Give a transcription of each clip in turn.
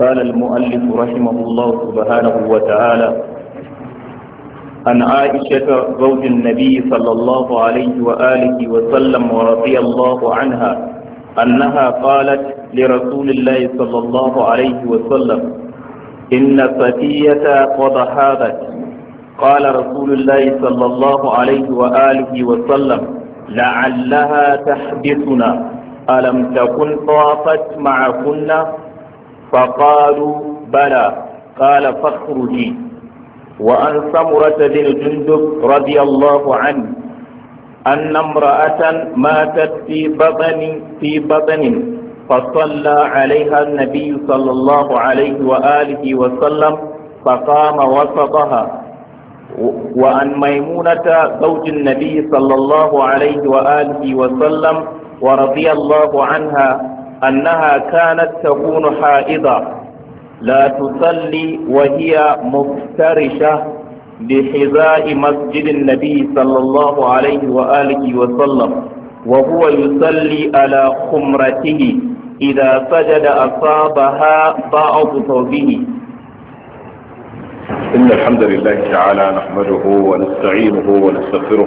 قال المؤلف رحمه الله سبحانه وتعالى عن عائشة زوج النبي صلى الله عليه وآله وسلم ورضي الله عنها أنها قالت لرسول الله صلى الله عليه وسلم إن فتية قد حاذت قال رسول الله صلى الله عليه وآله وسلم لعلها تحبسنا ألم تكن طافت معكن فقالوا بلى قال فاخرجي وعن سمرة بن جندب رضي الله عنه أن امرأة ماتت في بطن في بطن فصلى عليها النبي صلى الله عليه وآله وسلم فقام وسطها وعن ميمونة زوج النبي صلى الله عليه وآله وسلم ورضي الله عنها أنها كانت تكون حائضة لا تصلي وهي مفترشة بحذاء مسجد النبي صلى الله عليه وآله وسلم وهو يصلي على خمرته إذا سجد أصابها بعض ثوبه إن الحمد لله تعالى نحمده ونستعينه ونستغفره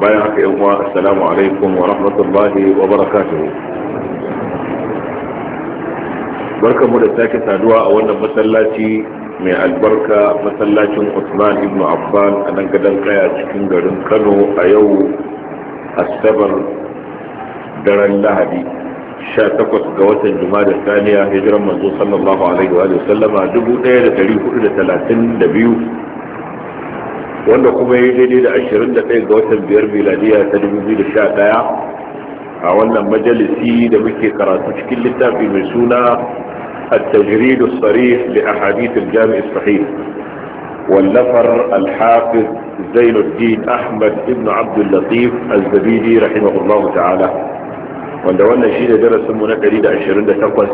bayan haka yan uwa assalamu alaikum wa rahmatullahi wa barakatuhu barkamu da sake saduwa a wannan masallaci mai albarka masallacin Usman ibn Affan a nan gadon kaya cikin garin Kano a yau asabar daren Lahadi 18 ga watan Jumada Saniya hijiran manzo sallallahu alaihi wa sallama 1432 wanda kuma ya daidai da 21 ga watan biyar miladiya ta 2011 a wannan majalisi da muke karatu cikin littafi mai suna التجريد الصريح لأحاديث الجامع الصحيح والنفر الحافظ زين الدين أحمد بن عبد اللطيف الزبيدي رحمه الله تعالى وانا شيء درس منا قريد عشرين تقوس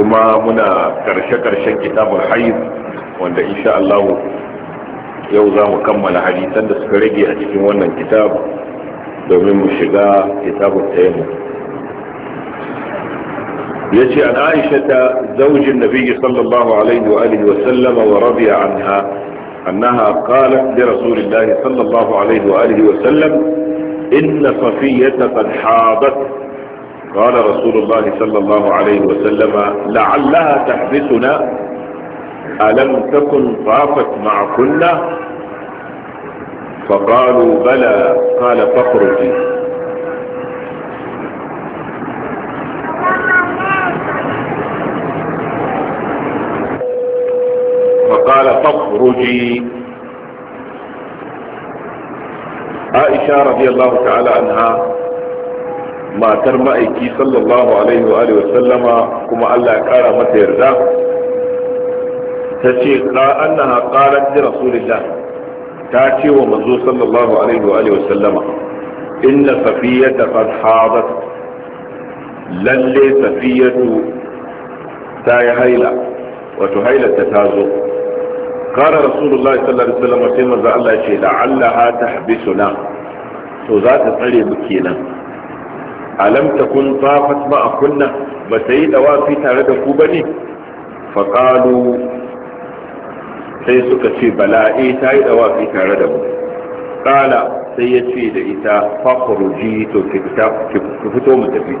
كما منا كرشة كرشة كتاب الحيض وانا إن شاء الله yau za mu kammala hadisan da suka rage a cikin wannan kitab domin mu shiga kitabun yamma ya ce an aisha ta zaujin nabi sallallahu alaihi wa alihi wa sallama wa rabiya anha annaha qalat li rasulillahi sallallahu alaihi wa alihi wa sallam inna safiyata qad hadat قال رسول sallallahu alaihi الله عليه وسلم لعلها تحبسنا ألم تكن طافت معكن فقالوا بلى قال فاخرجي فقال فاخرجي عائشة رضي الله تعالى عنها ما ترمى صلى الله عليه وآله وسلم كما ألا كارمت يرده ta ce annaha qalat li rasulillah ta ce wa manzo sallallahu alaihi wa alihi wa sallama inna safiyata qad hadat lalle safiyatu ta yi haila wato haila ta tazo qala rasulullah sallallahu alaihi wa sallama sai manzo Allah ya ce la'allaha tahbisuna to za ta tsare mu kenan alam takun tafat ma'a kunna ba ta yi dawafi tare da ku bane faqalu sai suka ce bala'i ta yi dawafi tare da mu kala sai ya ce da ita fakhruji to ki fito mu tafi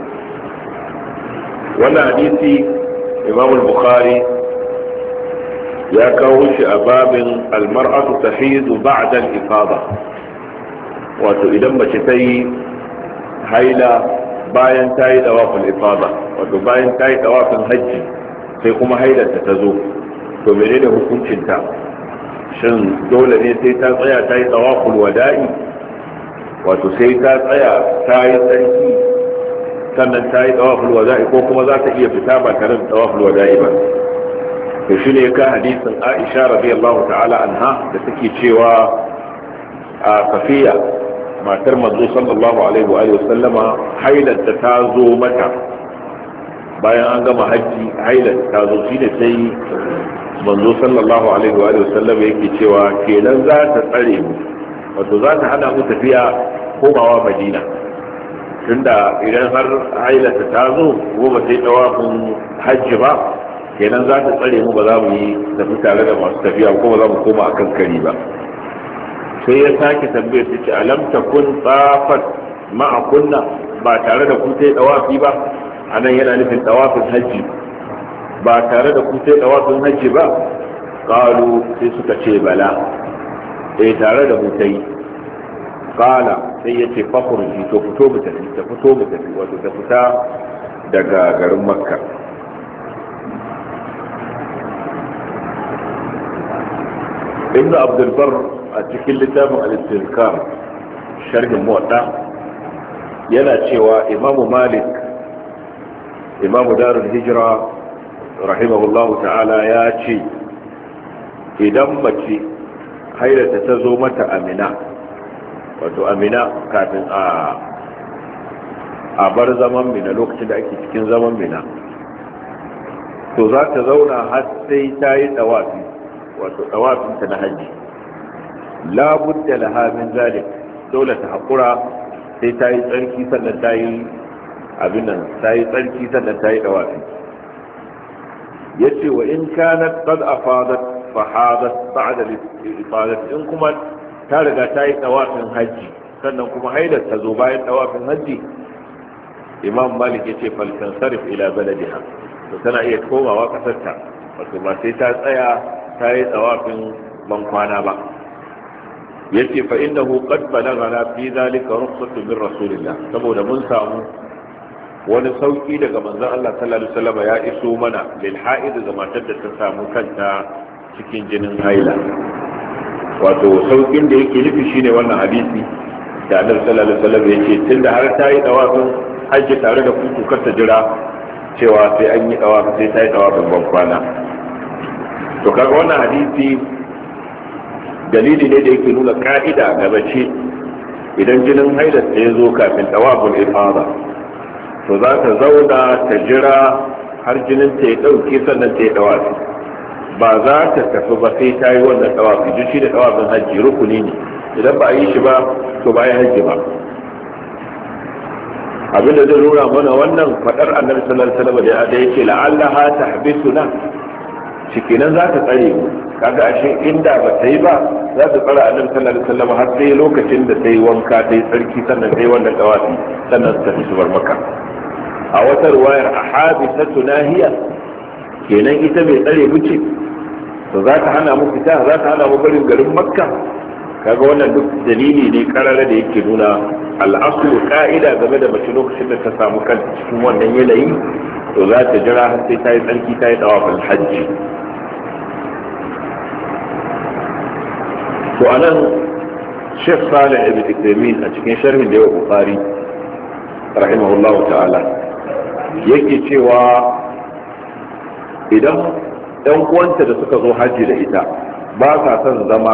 wannan hadisi imamul bukhari ya kawo shi a babin almar'atu tahizu ba'da al-ifada wato idan mace ta yi haila bayan ta yi dawafin ifada wato bayan ta yi dawafin hajji sai kuma hailarta ta zo to menene hukuncin hukuncinta? shin dole ne sai ta tsaya ta yi tawaful wada'i wato sai ta tsaya ta yi tsarki sannan ta yi tawaful wada'i ko kuma za ta iya fita ba tare da tawaful wada'i ba to shi ne ka hadisin Aisha radiyallahu ta'ala anha da take cewa a kafiya matar manzo sallallahu alaihi wa alihi sallama hailanta ta zo mata bayan an gama hajji hailanta ta zo shi ne sai manzo sallallahu alaihi wa sallam yake cewa kenan za ta tsare mu wato za ta hana mu tafiya komawa madina tunda idan har hailata ta zo ko ba sai tawafin hajji ba kenan za ta tsare mu ba za mu yi tafi tare da masu tafiya ko ba za mu koma akan kari ba sai ya sake tambaye su ce alam takun tsafat ma'a kunna ba tare da ku sai tawafi ba anan yana nufin tawafin hajji ba tare da kun sai dawafin hajji ba qalu sai suka ce bala eh tare da mu sai qala sai yace fakhruji to fito mu tafi ta fito mu tafi wato ta fita daga garin makka ibn abdul bar a cikin littafin al-istizkar sharhin muwadda yana cewa imamu malik imamu darul hijra rahimahullahu ta'ala ya ce idan mace hailata ta zo mata amina wato amina kafin a a bar zaman mina lokacin da ake cikin zaman mina to za ta zauna har sai ta yi tsawafi wato tsawafinta na hajji labudda laha min zane, dole ta haƙura sai ta yi tsarki sannan ta yi abin nan ta yi tsarki sannan ta yi tsawafi yace wa in kanat qad afadat fa hadat ba'da al in kuma ta riga ta yi tawafin haji sannan kuma haidar ta zo bayan tawafin haji imam malik yace fal tansarif ila baladiha to tana iya komawa kasarta wato ba sai ta tsaya ta yi tawafin ban kwana ba yace fa innahu qad balagha fi dhalika rukhsatun min rasulillah saboda mun samu wani sauki daga manzon Allah sallallahu alaihi wasallam ya iso mana lil ha'id da matar da ta samu kanta cikin jinin haila wato saukin da yake nufi shine wannan hadisi da Annabi sallallahu alaihi wasallam yace tunda har ta yi dawafin hajji tare da kuku kar ta jira cewa sai an yi dawafin sai ta yi dawafin ban kwana to kaga wannan hadisi dalili ne da yake nuna ka'ida ga mace idan jinin haila ta ya zo kafin dawafin ifada to za ta zauna ta jira har jinin ta ya dauke sannan ta yi dawafi ba za ta tafi ba sai ta yi wannan dawafi duk shi da dawafin hajji rukuni ne idan ba a yi shi ba to ba ya hajji ba abinda zai nuna mana wannan faɗar annabi sallallahu alaihi wasallam da ya ce la'allaha tahbisuna shikenan za ta tsare kaga ashe inda ba ta yi ba za ta tsara annabi sallallahu alaihi wasallam har sai lokacin da ta yi wanka ta yi tsarki sannan ta yi wannan dawafi sannan ta tafi bar maka a wata ruwayar ta nahiya kenan ita mai tsare mu ce to za ta hana mu fita za ta hana mu barin garin makka kaga wannan duk dalili ne karara da yake nuna al'asu ka'ida game da mace lokacin da ta samu kanta cikin wannan yanayi to za ta jira har sai ta yi tsarki ta yi dawafin hajji to anan shek Salih Ibn Uthaymeen a cikin sharhin da ya Bukhari rahimahullahu ta'ala yake cewa idan ɗan uwanta da suka zo hajji da ita ba sa son zama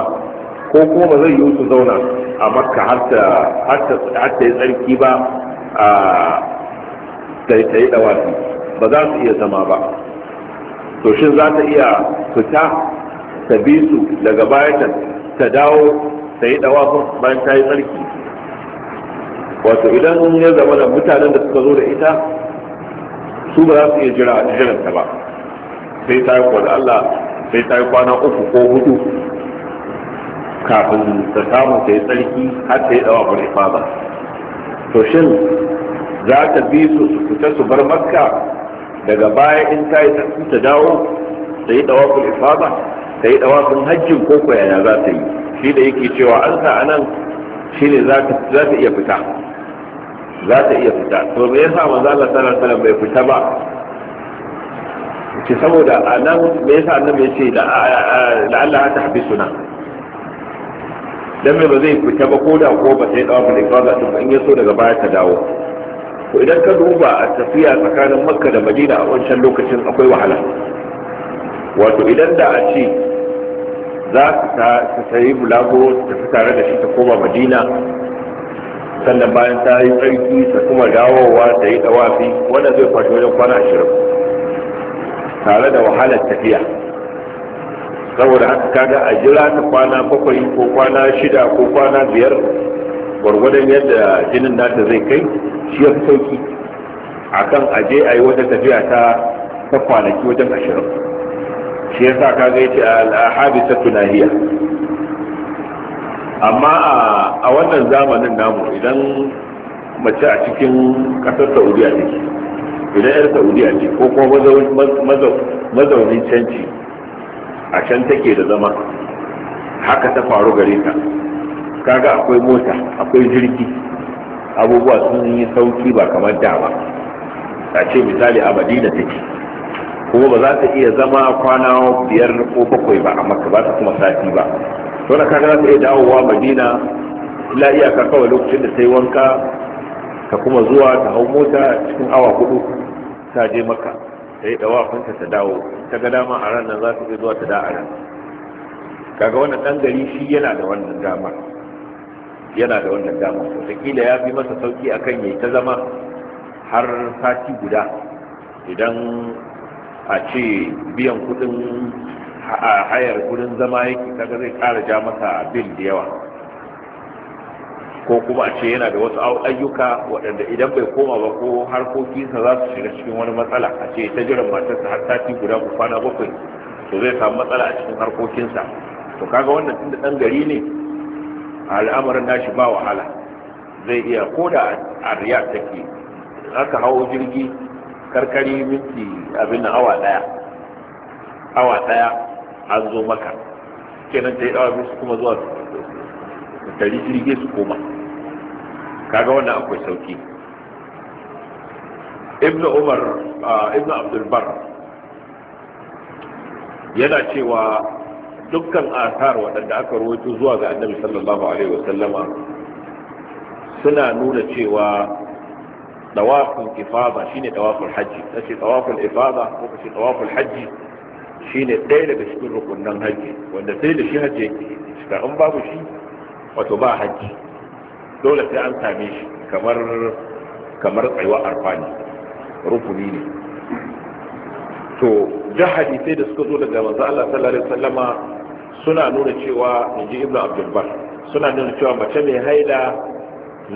ko kuma ba zai yi su zauna a makka har ta yi tsarki ba a ta yi dawafi ba za su iya zama ba to shi za ta iya fita ta bi su daga bayan ta dawo ta yi dawafin bayan ta yi tsarki wato idan ya zama da mutanen da suka zo da ita su ba za su iya jira a jiranta ba sai ta yi kwana Allah sai ta yi kwana uku ko hudu kafin ta samu ta yi tsarki har ta yi dawafin ifada to shin za ta bi su su fita su bar makka daga baya in ta yi ta dawo ta yi dawafin ifaba ta yi dawafin hajjin ko koyaya za ta yi shi da yake cewa an sa anan shi ne za ta iya fita za ta iya fita to me yasa manzo Allah sallallahu alaihi wasallam bai fita ba ce saboda anan me yasa annabi ya ce da Allah ta tahbisu suna dan me ba zai fita ba ko da ko ba sai dawafin ifaba to in yaso daga baya ta dawo to idan ka duba a tafiya tsakanin makka da madina a wancan lokacin akwai wahala wato idan da a ce za su sayi bulago su tafi tare da shi ta koma madina sannan bayan ta yi tsarki ta kuma dawowa ta yi dawafi wanda zai kwashe wajen kwana ashirin tare da wahalar tafiya saboda haka kaga a jira ta kwana bakwai ko kwana shida ko kwana biyar gwargwadon yadda jinin nata zai kai shi ya fi sauki a kan aje a yi wata tafiya ta ta kwanaki wajen ashirin shi yasa ka ga yace ta tunahiya amma a wannan zamanin namu idan mace a cikin kasar saudiya ne idan yar saudiya ce ko kuma mazaunin canci a can take da zama haka ta faru gare ta kaga akwai mota akwai jirgi abubuwa sun yi sauki ba kamar da ba a ce misali a madina take kuma ba za ta iya zama kwana biyar ko bakwai ba amma ka ba ta kuma sati ba to na kaga za ta iya dawowa madina la iyaka kawai lokacin da ta yi wanka ka kuma zuwa ta hau mota cikin awa hudu ta je maka ta yi dawa kunta ta dawo ta ga dama a ranar za ta iya zuwa ta da a ran kaga wannan dan gari shi yana da wannan damar yana da wannan dama wataƙila ya fi masa sauki a akan yai ta zama har sati guda idan a ce biyan kudin hayar kudin zama yake kaga zai kara ja masa bil da yawa ko kuma a ce yana da wasu ayyuka waɗanda idan bai koma ba ko harkokinsa za su shiga cikin wani matsala a ce ta jiran matarsa har sati guda ko kwana bakwai to zai samu matsala a cikin harkokinsa to kaga wannan tunda ɗan gari ne al'amarin nashi ba wahala zai iya ko da a riyad take aka hau jirgi karkari minti abin awa daya awa daya an zo maka kenan ta yi awa biyu su kuma zuwa tari jirgi su koma kaga wannan akwai sauki ibn umar ah, ibn abdulbar yana cewa dukkan asar waɗanda aka rawaito zuwa ga annabi sallallahu alaihi wasallama suna nuna cewa dawafin ifada shine dawafin hajji kace dawafin ifada ko kace dawafin hajji shine ɗaya daga cikin rukunin hajji wanda sai da shi hajji yake cika in babu shi wato ba hajji dole sai an same shi kamar kamar tsayuwa arfani rukuni ne to jahadi sai da suka zo daga manzo Allah sallallahu alaihi wasallama suna nuna cewa inji ibnu abdulbar suna nuna cewa mace mai haila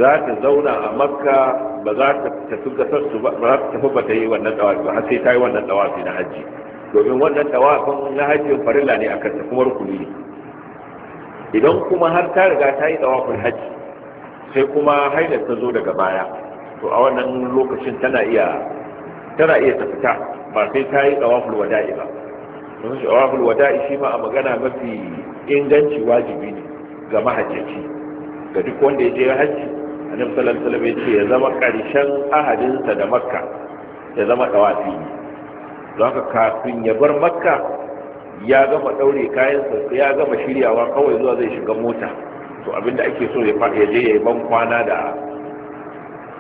za ta zauna a makka ba za ta tafi gasar su ba za ta tafi ba ta yi wannan tawafi ba sai ta yi wannan tawafi na hajji domin wannan tawafin na hajji farilla ne a kanta kuma rukuni ne idan kuma har ta riga ta yi tawafin hajji sai kuma haida ta zo daga baya to a wannan lokacin tana iya tana iya tafita ba sai ta yi tawafin wada'i ba domin shawabul wada'i shi ma a magana mafi inganci wajibi ne ga mahajjaci ga duk wanda ya je hajji annabi sallallahu alaihi wasallam ya ce ya zama karshen ahadinsa da makka ya zama dawafi ne don haka kafin ya bar makka ya gama daure kayansa ya gama shiryawa kawai zuwa zai shiga mota to abinda ake so ya je ya yi ban kwana da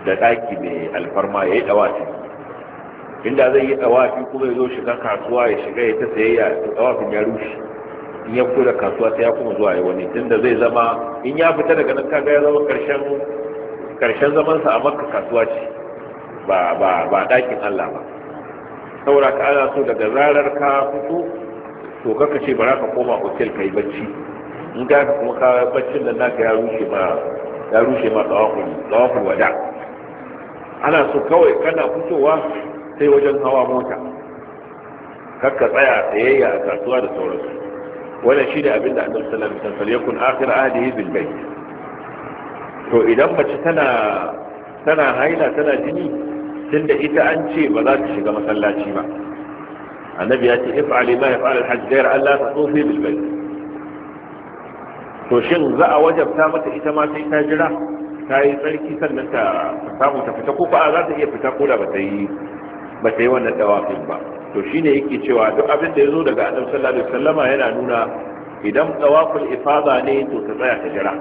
da daki mai alfarma ya yi dawafi inda zai yi tsawafi kuma ya zo shiga kasuwa ya shiga ya ta sayayya to tsawafin ya rushe in ya fito da kasuwa sai ya kuma zuwa ya wani tunda zai zama in ya fita daga nan kaga ya zama karshen karshen zaman sa a makka kasuwa ce ba ba ba dakin Allah ba saboda ka ana so daga zarar ka fito to kaka ce bara ka koma hotel kai bacci in ka kuma ka baccin da naka ya rushe ma ya rushe ma tsawafin tsawafin wada ana so kawai kana fitowa sai wajen hawa mota kakka tsaya tsayayya a kasuwa da sauransu Wani shi ne abin da annabi sallallahu alaihi wasallam ya kun akhir ahdihi bil bayt to idan mace tana tana haila tana jini tun da ita an ce ba za ta shiga masallaci ba annabi ya ce if if'ali ma yaf'al al hajji ghayr Allah la tatufi bil bayt to shin za a wajabta mata ita ma sai ta jira ta yi tsarki sannan ta samu ta fita ko ba za ta iya fita ko da ba ta yi ba ta yi wannan tawafin ba to shine yake cewa duk abin da ya zo daga annabi sallallahu alaihi wasallama yana nuna idan dawaful ifada ne to ta tsaya ta jira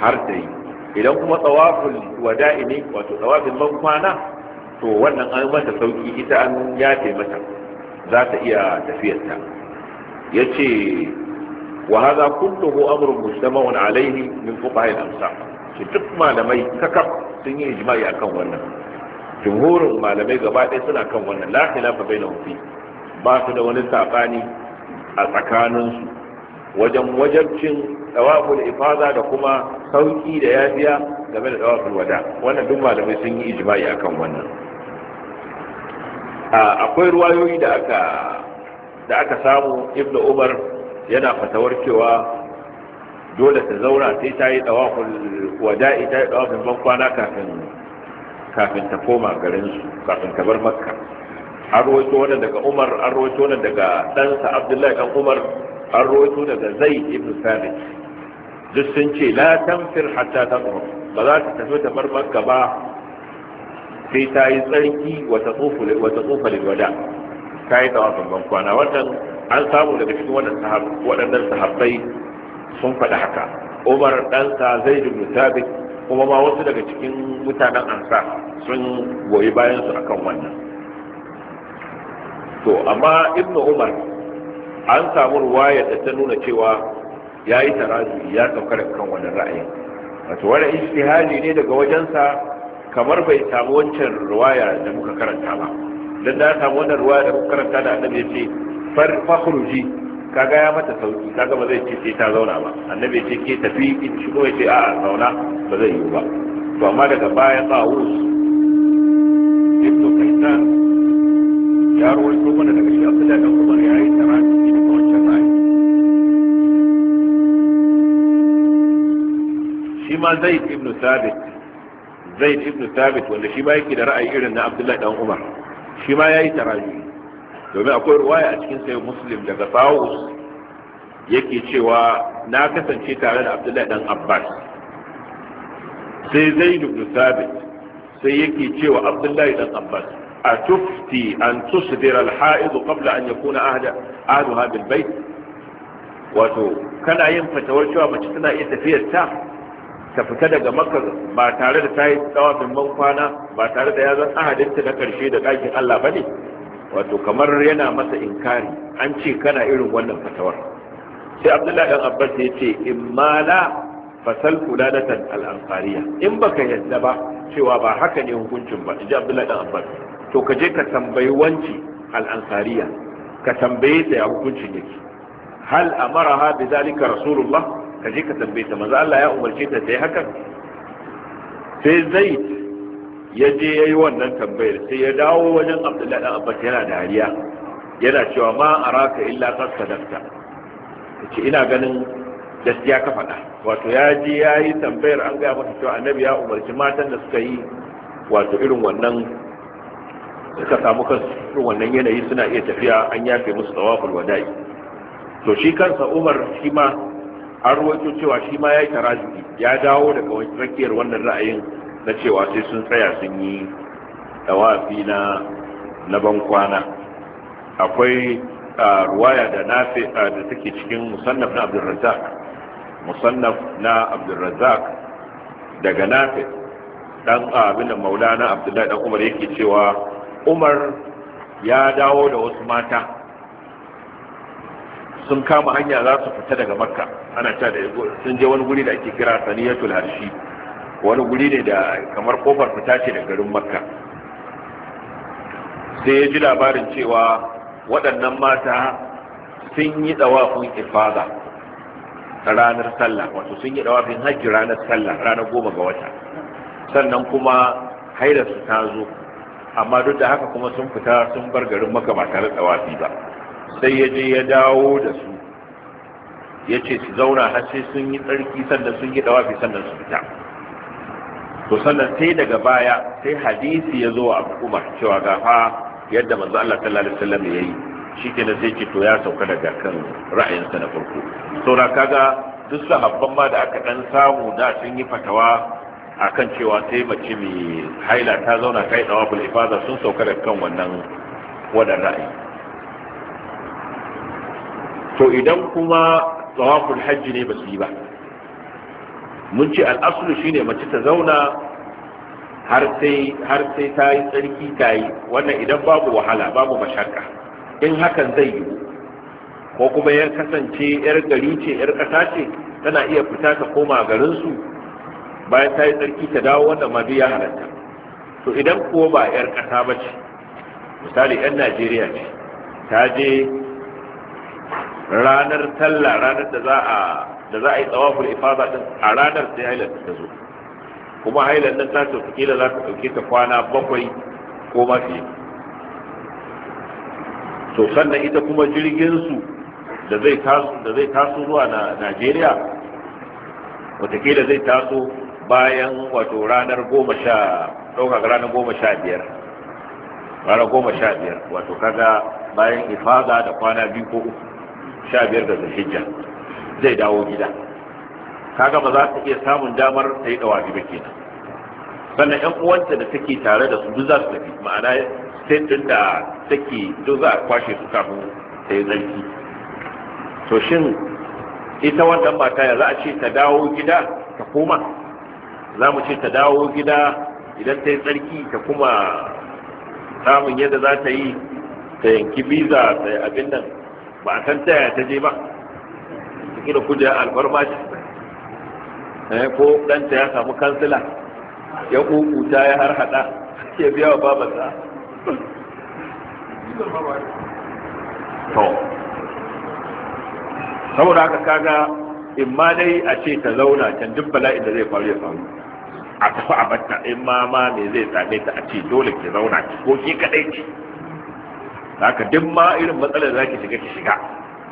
har ta yi idan kuma dawaful wada'i ne wato tawafin ban kwana to wannan an mata sauki ita an yafe mata za ta iya tafiyarta yace wa hadha kulluhu amrun mujtama'un alayhi min fuqaha al-amsa shi duk malamai kakaf sun yi ijma'i akan wannan jumhurin malamai gaba ɗaya suna kan wannan la khilafa bainahum fi ba su da wani sabani a tsakaninsu wajen wajabcin tawaful ifaza da kuma sauki da yafiya game da tawaful wada wannan duk malamai sun yi ijma'i akan wannan akwai ruwayoyi da aka da aka samu ibnu umar yana fatawar cewa dole ta zauna sai ta yi tawaful wada'i ta yi tawafin kwana kafin kafin ta koma su kafin ta bar makka an rawaito wannan daga umar an rawaito wannan daga ɗansa abdullahi ɗan umar an rawaito daga zai ibn sabit duk sun ce la tanfir hatta tamur ba za ta tafi ta bar makka ba sai ta yi tsarki wata tsofa lilwada ta yi tsawafin ban kwana wannan an samu daga cikin waɗannan sahabbai sun faɗi haka umar ɗansa zai ibn sabit kuma ma wasu daga cikin mutanen ansa sun goyi bayansu su akan wannan to amma ibnu umar an samu ruwaya da ta nuna cewa ya yi tarazi ya saukar kan wannan ra'ayin wato wani ijtihadi ne daga wajensa kamar bai samu wancan ruwaya da muka karanta ba dan da samu wannan ruwaya da muka karanta da annabi ya ce farfakhruji ka gaya mata sauki kaga ba zai ce sai ta zauna ba annabi ya ce ke tafi in shigo ya ce a zauna ba zai yi ba to amma daga baya tsawus ibnu kaitan ya rawaito mana daga shi abdullahi dan kubar ya yi tarafi da wancan ra'ayi shi ma zaid ibnu sabit zaid ibnu sabit wanda shi ba yake da ra'ayi irin na abdullahi dan umar shi ma ya yi tarafi domin akwai ruwaya a cikin sayi muslim daga sawus yake cewa na kasance tare da abdullahi dan abbas sai zaid ibn sabit sai yake cewa abdullahi dan abbas a tufti an tusdir al-ha'id qabla an yakuna ahda ahduha bil bayt wato kana yin fatawar cewa mace tana iya tafiyar ta ta fita daga makka ba tare da ta yi tsawafin ban kwana ba tare da ya zan ahadinta na karshe da ɗakin allah ba ne wato kamar yana masa inkari an ce kana irin wannan fatawar sai abdullahi dan abbas ya ce in ma la fasal fulanatan al-ansariya in baka yadda ba cewa ba haka ne hukuncin ba ji abdullahi dan abbas to ka je ka tambayi wanci al-ansariya ka tambaye ta ya hukuncin yake hal amaraha bi zalika rasulullah ka je ka tambaye ta manzo Allah ya umarce ta ta yi hakan sai zaid ya je ya yi wannan tambayar sai ya dawo wajen abdullahi dan abbas yana dariya yana cewa ma araka illa qad ce ina ganin gaskiya ka faɗa wato ya je ya yi tambayar an gaya masa cewa annabi ya umarci matan da suka yi wato irin wannan suka samu kansu wannan yanayi suna iya tafiya an yafe musu tawaful wada'i to shi kansa umar shi ma an ruwaito cewa shi ma ya yi tarazi ya dawo daga rakiyar wannan ra'ayin na cewa sai sun tsaya sun yi tawafi na na bankwana akwai ruwaya da nafi da take cikin musannaf na abdulrazak musannaf na abdulrazak daga nafi dan abin da maulana abdullahi dan umar yake cewa umar ya dawo da wasu mata sun kama hanya za su fita daga makka ana ta da sun je wani guri da ake kira saniyatul harshi wani guri ne da kamar kofar fita ce da garin makka sai ya ji labarin cewa waɗannan mata sun yi ɗawafin ifada ranar sallah wato sun yi ɗawafin hajji ranar sallah ranar goma ga wata sannan kuma haidarsu ta zo amma duk da haka kuma sun fita sun bar garin maka ba tare ba sai ya je ya dawo da su ya ce su zauna har sai sun yi tsarki sannan sun yi ɗawafi sannan su fita to sannan sai daga baya sai hadisi ya zo a abu cewa ga fa yadda manzo Allah sallallahu alaihi wasallam ya yi shikenan sai ce to ya sauka daga kan ra'ayinsa na farko saura kaga duk sahabban ma da aka dan samu da sun yi fatawa akan cewa sai mace mai haila ta zauna kai dawa bul ifada sun sauka daga kan wannan wadan ra'ayi to idan kuma tsawaful hajji ne ba su yi ba mun ce al'asulu shine mace ta zauna har sai har sai ta yi tsarki ta yi wannan idan babu wahala babu mashaka in hakan zai yi ko kuma ya kasance yar gari ce yar ƙasa ce tana iya fita ta koma garin su bayan ta yi tsarki ta dawo wanda ma ya halatta to idan ko ba yar kasa ba ce misali yan najeriya ce ta je ranar talla ranar da za a da za a yi tsawafin ifada din a ranar sai hailar ta zo kuma hailar nan ta tafi kila za ta ɗauke ta kwana bakwai ko ma fiye to sannan ita kuma jirgin su da zai taso da zai taso zuwa na Najeriya watakila zai taso bayan wato ranar goma sha ɗaukaka ranar goma sha biyar ranar goma sha biyar wato kaga bayan ifada da kwana biyu ko uku sha biyar da zulhijja zai dawo gida kaga ba za ta iya samun damar ta yi dawabi ba kenan sannan yan uwanta da take tare da su duk za su tafi ma'ana sai din da take duk za a kwashe su kafin ta yi zarki to shin ita wannan mata ya za a ce ta dawo gida ta koma za mu ce ta dawo gida idan ta yi tsarki ta kuma samun yadda za ta yi ta yanki biza ta yi abin nan ba a san ta je ba gina kujera alfarma ce eh, ko ɗanta ya samu kansila ya kukuta ya har hada ya biya wa babansa to saboda haka kaga in ma dai a ce ta zauna can duk bala'in da zai faru ya faru a tafi a batta in ma ma me zai same ta a ce dole ki zauna ki ko ki kadai ki haka duk ma irin matsalar za zaki shiga ki shiga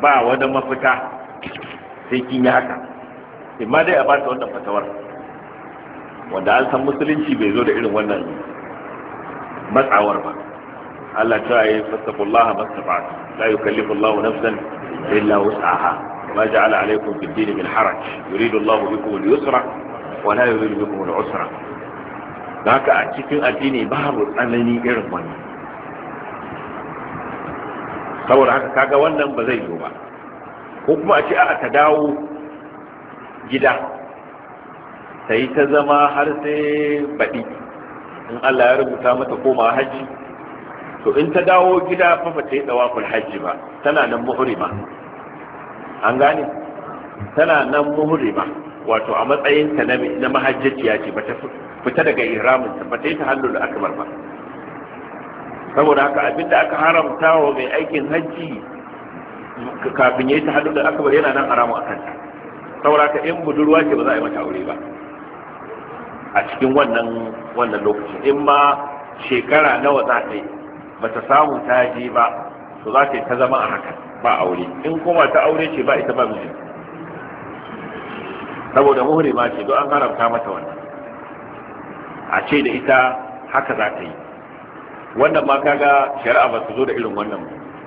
ba wani mafita sai kin yi haka imma dai a ba ta wannan fatawar wanda an san musulunci bai zo da irin wannan matsawar ba Allah ta yi fastaqullaha mastafa'at la yukallifu Allahu nafsan illa wus'aha ma ja'ala alaykum fid din min haraj yuridu Allahu bikum al-yusra wa la yuridu bikum al-usra haka a cikin addini babu tsanani irin wannan saboda haka kaga wannan ba zai zo ba ko kuma a ce a ta dawo gida ta yi ta zama har sai baɗi in Allah ya rubuta mata koma hajji to in ta dawo gida fafa ba ta yi dawaful hajji ba tana nan ba an gane tana nan ba wato a matsayinta na na mahajjaciya ce ba ta fita daga ihraminta ta ba ta yi tahallul akamar ba saboda haka abinda aka haramta wa mai aikin hajji kafin da aka akbar yana nan a kan saura ka in budurwa ce ba za a yi mata aure ba a cikin wannan wannan lokaci in ma shekara nawa za ta yi ba ta samu ta je ba to za ta yi ta zama a haka ba aure in kuma ta aure ce ba ita ba miji saboda muhri ma ce don an haramta mata wannan a ce da ita haka za ta yi wannan ma kaga shari'a ba su zo da irin wannan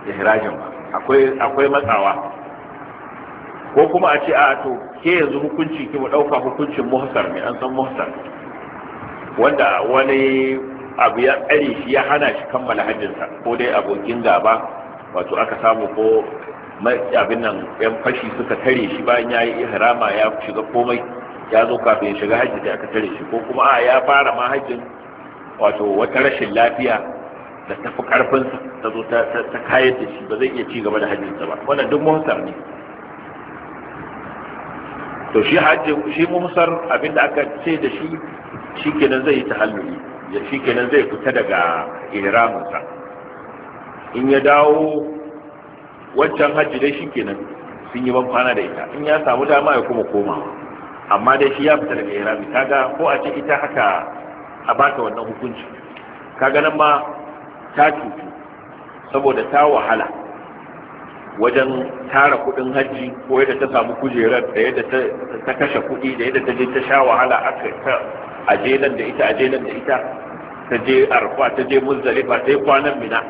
ihrajin ba akwai matsawa ko kuma a ce a to ke yanzu hukunci ki mu dauka hukuncin muhsar ne an san muhsar wanda wani abu ya tsare shi ya hana shi kammala hajjinsa ko dai abokin gaba wato aka samu ko abin nan yan fashi suka tare shi bayan ya yi ihrama ya shiga komai ya zo kafin ya shiga hajji da aka tare shi ko kuma a ya fara ma hajjin wato wata rashin lafiya da tafi karfinsa ta zo ta kayar da shi ba zai iya ci gaba da hajjinsa ba wannan duk muhsar ne to shi hajji shi muhsar da aka ce da shi shikenan zai yi tahalluli ya shikenan zai fita daga ihraminsa in ya dawo wancan hajji dai shikenan sun yi ban kwana da ita in ya samu dama ya kuma koma amma dai shi ya fita daga ihrami kaga ko a ce ita haka a baka wannan hukunci kaga nan ma ta cutu saboda ta wahala wajen tara kudin hajji ko yadda ta samu kujerar da yadda ta kashe kudi da yadda ta je ta sha wahala a nan da ita aje nan da ita ta je arfa ta je ba ta yi kwanan mina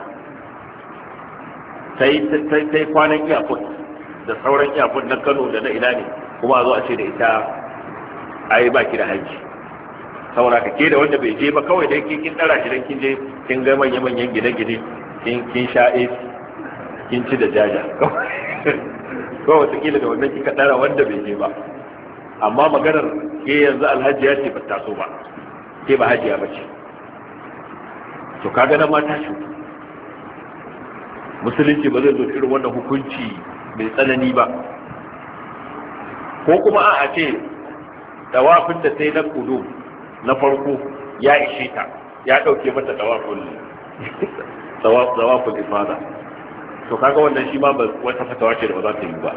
ta yi kwanan yafun da sauran yafun na kano da na ina ne kuma zuwa zo a ce da ita a yi baki da hajji saboda ka ke da wanda bai je ba kawai dai kin kin dara gidan kin je kin ga manya manyan gine-gine kin kin sha AC kin ci da jaja ko wata kila da wannan kika dara wanda bai je ba amma maganar ke yanzu alhaji ya ce ba ta so ba ke ba hajiya ba ce to kaga na mata shi musulunci ba zai zo irin wannan hukunci mai tsanani ba ko kuma a ce tawafin da sai na kudu na farko ya ishe ta ya dauke mata tawaful ifada to kaga wannan shi ma ba wata fatawa ce da ba za ta yi ba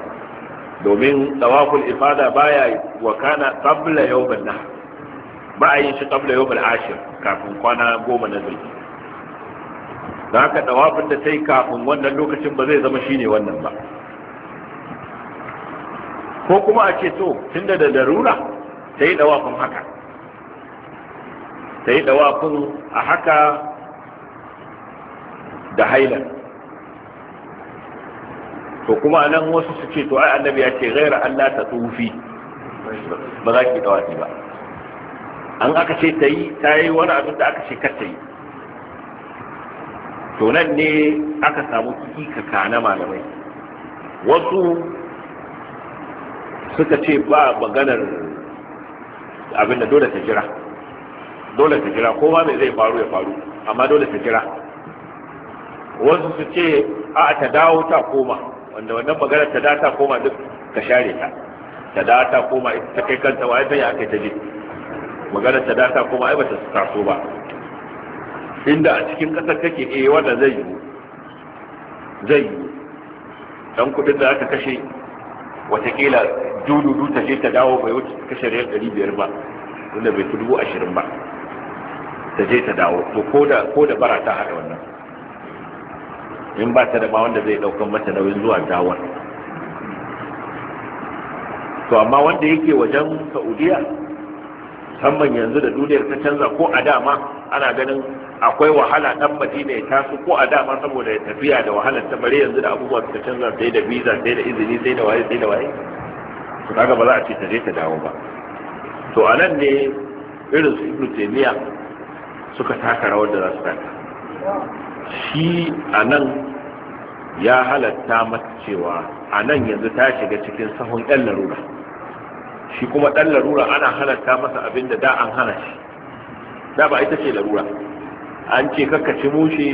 domin tawaful ifada baya wa kana qabla yawmin nahr ba a yin shi qabla al ashir kafin kwana goma na zulki da haka tawafin da sai kafin wannan lokacin ba zai zama shine wannan ba ko kuma a ce to tunda da darura sai tawafin haka ta yi dawafin a haka da haila to kuma nan wasu su ce to ai annabi ya ce gaira Allah ta tsufi ba za ki dawafi ba an aka ce ta yi ta yi wani abin da aka ce kar ta yi to nan ne aka samu kika na malamai wasu suka ce ba maganar abin da dole ta jira dole ta jira kowa mai zai faru ya faru amma dole ta jira wasu su ce a ta dawo ta koma wanda wannan maganar ta dawo ta koma duk ka share ta ta dawo ta koma ta kai kanta wa ya kai ta je maganar ta dawo ta koma ai bata taso ba inda a cikin kasar kake eh wanda zai yi zai yi dan kudin da aka kashe watakila dududu ta je ta dawo bai wuce kashe riyal ɗari biyar ba wanda bai fi dubu ashirin ba ta je ta dawo to ko da ko da bara ta haɗa wannan in ba ta da ba wanda zai ɗaukan mata nauyin zuwa dawon to amma wanda yake wajen saudiya musamman yanzu da duniyar ta canza ko a dama ana ganin akwai wahala dan madina ya taso ko a dama saboda ya tafiya da wahalar ta bare yanzu da abubuwa suka canza sai da visa sai da izini sai da waye sai da waye to kaga ba za a ce ta je ta dawo ba to anan ne irin su ibnu taymiya suka taka rawar da za su taka shi a nan ya halatta mata cewa a nan yanzu ta shiga cikin sahun ɗan larura shi kuma ɗan larura ana halatta masa abin da da an hana shi da ba ita ce larura an ce ci mushe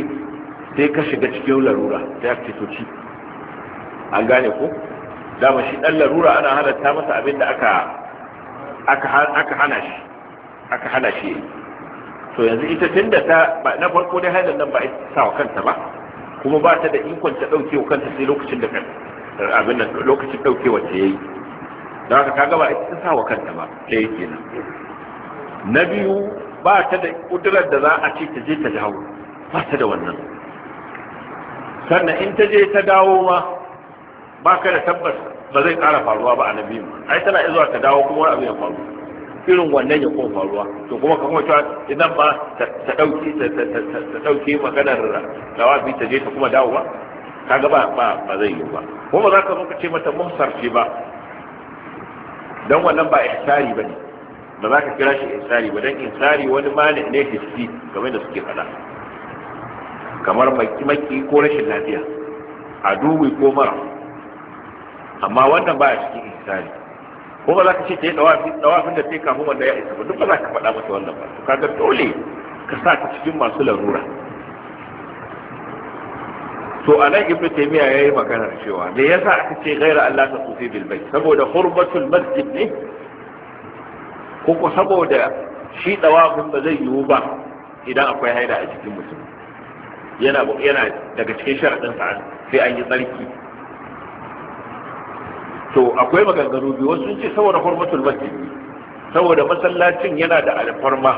sai ka shiga cikin larura ta ya fito ci an gane ko dama shi ɗan larura ana halatta masa abin da aka hana shi aka hana shi to yanzu ita tun da ta na farko dai hailan nan ba a sa wa kanta ba kuma ba ta da ikon ta dauke wa kanta sai lokacin da kan abin nan lokacin dauke wacce yi. don haka kaga ba ita ta sa wa kanta ba ke kenan na biyu ba ta da kudurar da za a ce ta je ta dawo ba ta da wannan sannan in ta je ta dawo ma ba ka da tabbas ba zai kara faruwa ba a na biyu ai tana izuwa ta dawo kuma wani abu ya faru irin wannan ya kun faruwa to kuma ka kuma cewa idan ba ta dauki ta dauki maganar tawafi ta je ta kuma dawo ba kaga ba ba ba zai yi ba kuma za ka zo ka ce mata muhsar ce ba dan wannan ba ihsari bane ba za ka kira shi ihsari ba dan ihsari wani mani ne hissi game da suke fada kamar maki maki ko rashin lafiya a dubi ko mara amma wannan ba a cikin ihsari ko ba za ka ce ta yi dawafin da sai kafin wanda ya isa ba duk ba za ka faɗa masa wannan ba to kaga dole ka sa ka cikin masu larura to anan ibnu taymiya yi magana cewa me yasa aka ce ghaira Allah ta tufi bil bayt saboda hurmatul masjid ne ko ko saboda shi dawafin ba zai yiwu ba idan akwai haida a cikin mutum yana yana daga cikin sharadin sa sai an yi tsarki to akwai maganganu biyu wasu sun ce saboda hurmatul masjid saboda masallacin yana da alfarma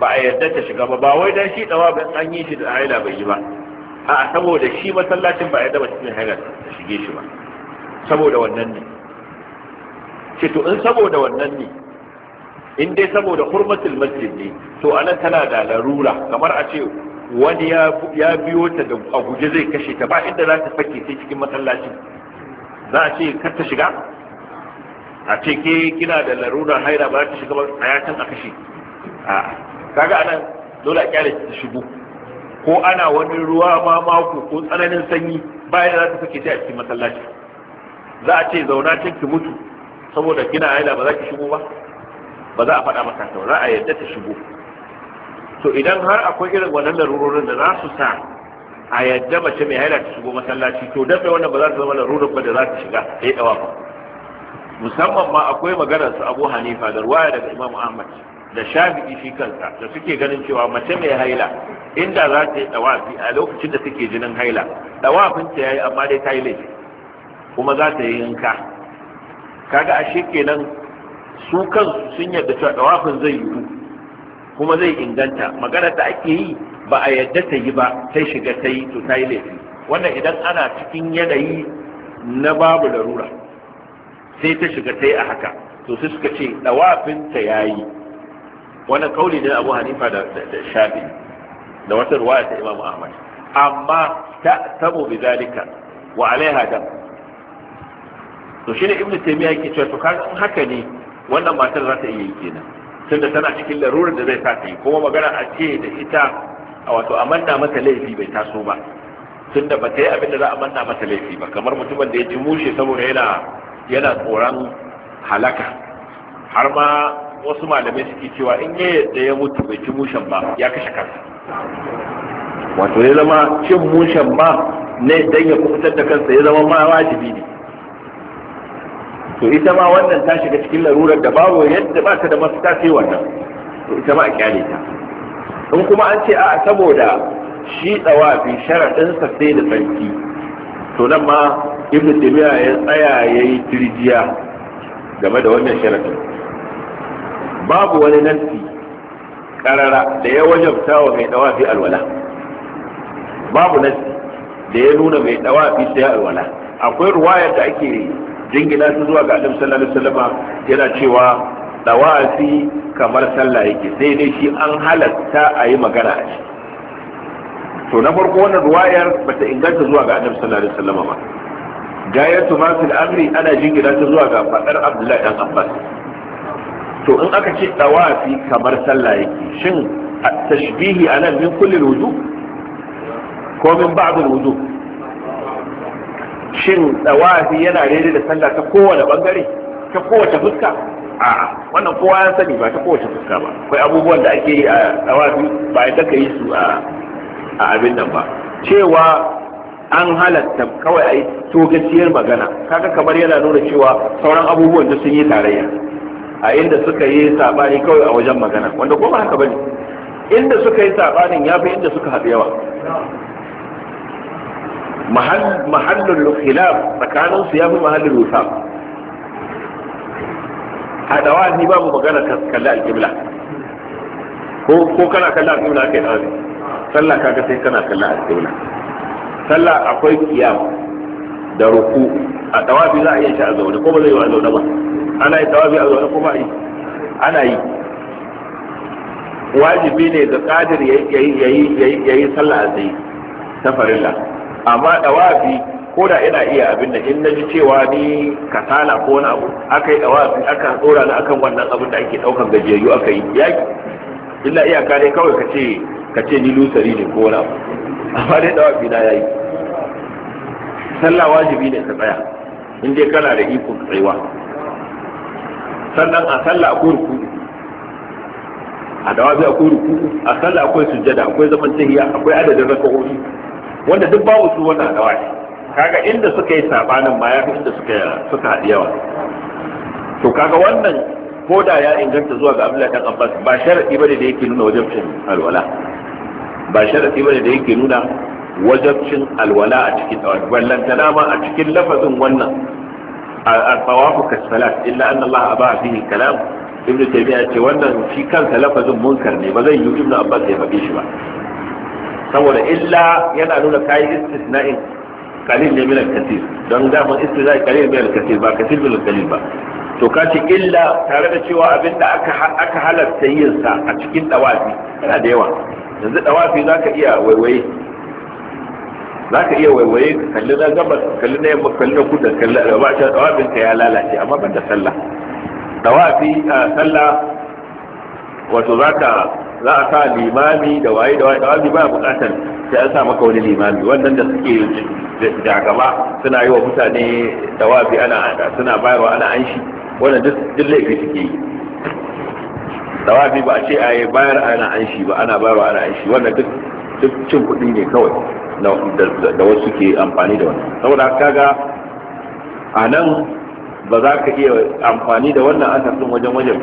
ba a yarda ta shiga ba ba wai dan shi dawa ban an yi shi da haila bai yi ba a saboda shi masallacin ba a yarda ba cikin haila ta shige shi ba saboda wannan ne ce to in saboda wannan ne in dai saboda hurmatul masjid ne to anan tana da larura kamar a ce wani ya biyo ta da a guje zai kashe ta ba inda za ta fake sai cikin masallacin za a ce kar ta shiga a ce ke kina da Laruna haira ba ta shiga ba a yatan a kashe a kaga anan dole a kyale ta shigo ko ana wani ruwa ma mako ko tsananin sanyi bayan za ta sake ta a cikin masallaci za a ce zauna can ki mutu saboda kina haira ba za ki shigo ba ba za a faɗa maka ta za a yadda ta shigo to idan har akwai irin wannan larurorin da za su sa a yadda mace mai haila ta shigo masallaci to dafe wannan ba za ta zama larurar ba da za ta shiga ta yi ba musamman ma akwai maganar su abu hanifa da ruwaya daga imam ahmad da shafi'i shi kansa da suke ganin cewa mace mai haila inda za ta yi dawafi a lokacin da suke jinin haila dawafin ta yayi amma dai ta yi laifi kuma za ta yi yanka kaga ashe kenan su kansu sun yarda cewa dawafin zai yi kuma zai inganta maganar da ake yi ba a yadda ta yi ba sai shiga ta yi to ta yi laifi wannan idan ana cikin yanayi na babu larura sai ta shiga ta yi a haka to sai suka ce dawafin ta yi. wannan kauli da Abu Hanifa da Shafi da wata ruwaya ta Imam Ahmad amma ta tabo zalika wa alaiha dam to shine Ibn Taymiyyah yake cewa to kan haka ne wannan matar za ta iya yi kenan tunda tana cikin larurar da zai sa ta yi kuma magana a ce da ita wato a manna masa laifi bai taso ba tun da ba ta yi abin da za a manna masa laifi ba kamar mutumin da ya ji mushe saboda yana yana tsoron halaka har ma wasu malamai suke cewa in ya yadda ya mutu bai ci mushen ba ya kashe kansa wato ya zama cin mushen ba ne dan ya kubutar da kansa ya zama ma wajibi ne to ita ma wannan ta shiga cikin larurar da babu yadda ba ta da masu tasiri wannan to ita ma a kyale ta in kuma an ce a saboda shi tsawafi sa sai da tsarki to nan ma ibn taymiya ya tsaya yayi tirjiya game da wannan sharaɗin babu wani nanti karara da ya wajabta wa mai fi alwala babu nanti da ya nuna mai fi sai alwala akwai ruwayar da ake jingina su zuwa ga annabi sallallahu alaihi wasallama yana cewa dawafi kamar sallah yake sai dai shi an halatta a yi magana a shi to na farko wannan ruwayar ta inganta zuwa ga annabi sallallahu alaihi wasallam ba gayatu ma fil amri ana jingina ta zuwa ga fadar abdullahi dan abbas to in aka ce dawafi kamar sallah yake shin tashbihi anan min kulli wudu ko min ba'd wudu shin dawafi yana daidai da sallah ta kowane bangare ta kowace fuska a wannan kowa ya sani ba ta kowace fuska ba akwai abubuwan da ake yi a tawafi ba ya taka yi su a abin nan ba cewa an halatta kawai a yi togaciyar magana kaga kamar yana nuna cewa sauran abubuwan da sun yi tarayya a inda suka yi sabani kawai a wajen magana wanda kuma ba haka bane inda suka yi sabanin ya fi inda suka haɗu yawa mahallin khilaf tsakaninsu ya fi mahallin wufaq a dawa ni babu magana ka kalli alƙibla ko ko kana kalli alƙibla kai dawa sallah kaga sai kana kalli alƙibla sallah akwai kiyam da ruku a tawafi za a iya shi a zaune ko ba zai yi a zaune ba ana yi tawafi a zaune ko ba yi ana yi wajibi ne ga kadir yayi yayi yayi sallah a tsaye ta farilla amma tawafi ko da ina iya abin da in naji cewa ni kasala ko wani abu aka yi dawa aka tsora ni akan wannan abin da ake daukan gajiyayyu aka yi yaki illa iyaka ne kawai ka ce ka ce ni lusari ne ko wani abu amma dai dawa bina yayi sallah wajibi ne ka tsaya in dai kana da iko tsayuwa sannan a sallah akwai ruku a dawabi akwai ruku a sallah akwai sujjada akwai zaman tahiya akwai adadin raka'o'i wanda duk babu su wannan dawabi kaga inda suka yi sabanin ma ya fi inda suka suka haɗu yawa to kaga wannan ko da ya inganta zuwa ga Abdullahi dan Abbas ba sharadi bane da yake nuna wajabcin alwala ba sharadi bane da yake nuna wajabcin alwala a cikin wallan ma a cikin lafazin wannan al-tawafu kas-salat illa anna Allah aba fihi kalam ibn taymiya ce wannan shi kansa lafazin munkar ne ba zai yi ibn abbas ya faɗi shi ba saboda illa yana nuna kai istisna'in kalil ne min al-kathir don daman istizai kalil min al-kathir ba kathir min al-kalil ba to ka ce illa tare da cewa abinda aka aka halatta yin sa a cikin dawafi yana da yawa yanzu dawafi zaka iya waiwaye zaka iya waiwaye ka kalli na gabas kalli na yamma kalli na kudu kalli da ba ta dawafin ka ya lalace amma ban da sallah dawafi sallah wato zaka za a sa limami da waye da waye da waye ba bukatar sai an sa maka wani limami wannan da suke da gaba suna yi wa mutane tawafi ana suna bayarwa ana anshi wannan duk duk laifi suke yi da tawafi ba a ce a bayar ana anshi ba ana bayarwa ana anshi wannan duk duk cin kuɗi ne kawai da wasu ke amfani da wannan saboda kaga a nan ba za ka iya amfani da wannan asasin wajen wajen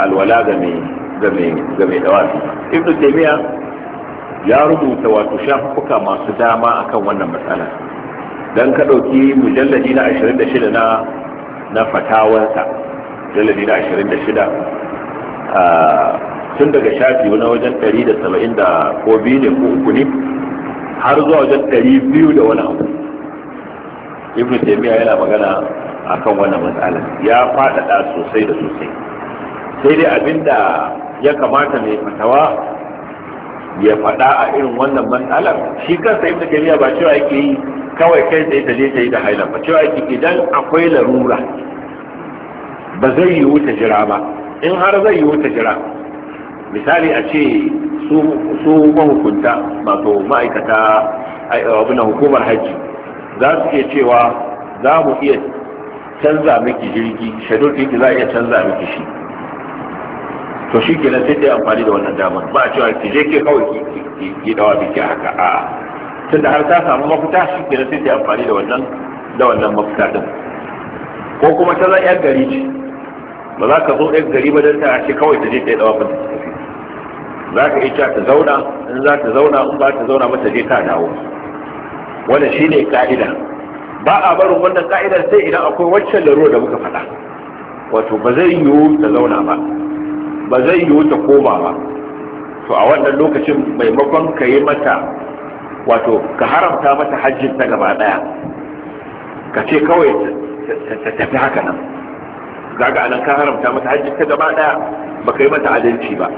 alwala ga mai dawasi ibn taimiyya ya rubuta wato shafuka masu dama akan wannan matsala Don ka ɗauki mujalladi na 26 na na fatawarsa mujalladi na 26 tun daga shafi wani wajen 170 da ko biyu ne ko uku ne har zuwa wajen 200 da wani abu ibn taimiyya yana magana akan wannan matsala ya faɗaɗa sosai da sosai sai dai abinda ya kamata mai fatawa ya faɗa a irin wannan matsalar shi kansa ibn jami'a ba cewa yake yi kawai kai tsaye ta je ta yi da haila ba cewa yake idan akwai larura ba zai yi wuta jira ba in har zai yi wuta jira misali a ce su mahukunta masu ma'aikata abin hukumar hajji za su iya cewa za mu iya canza miki jirgi shedul ɗinki za a iya canza miki shi to shi kenan sai dai amfani da wannan damar ba a cewa ki je ke kawai ki dawa miki haka a da har ta samu mafita shi kenan sai dai amfani da wannan da wannan mafita din ko kuma ta za yar gari ce ba za ka zo yar gari ba don ta ce kawai ta je ta yi dawa ba za ka iya ta zauna in za ta zauna in ba ta zauna ba ta je ta dawo wannan shine ka'ida ba a barin wannan ka'idar sai idan akwai waccan ruwa da muka faɗa wato ba zai yiwu ta zauna ba ba zai yiwu ta koma ba to a wannan lokacin maimakon ka yi mata wato ka haramta mata hajjin ta gaba ɗaya ka ce kawai ta tafi haka nan Za zaga anan ka haramta mata hajjin ta gaba ɗaya ba ka yi mata adalci ba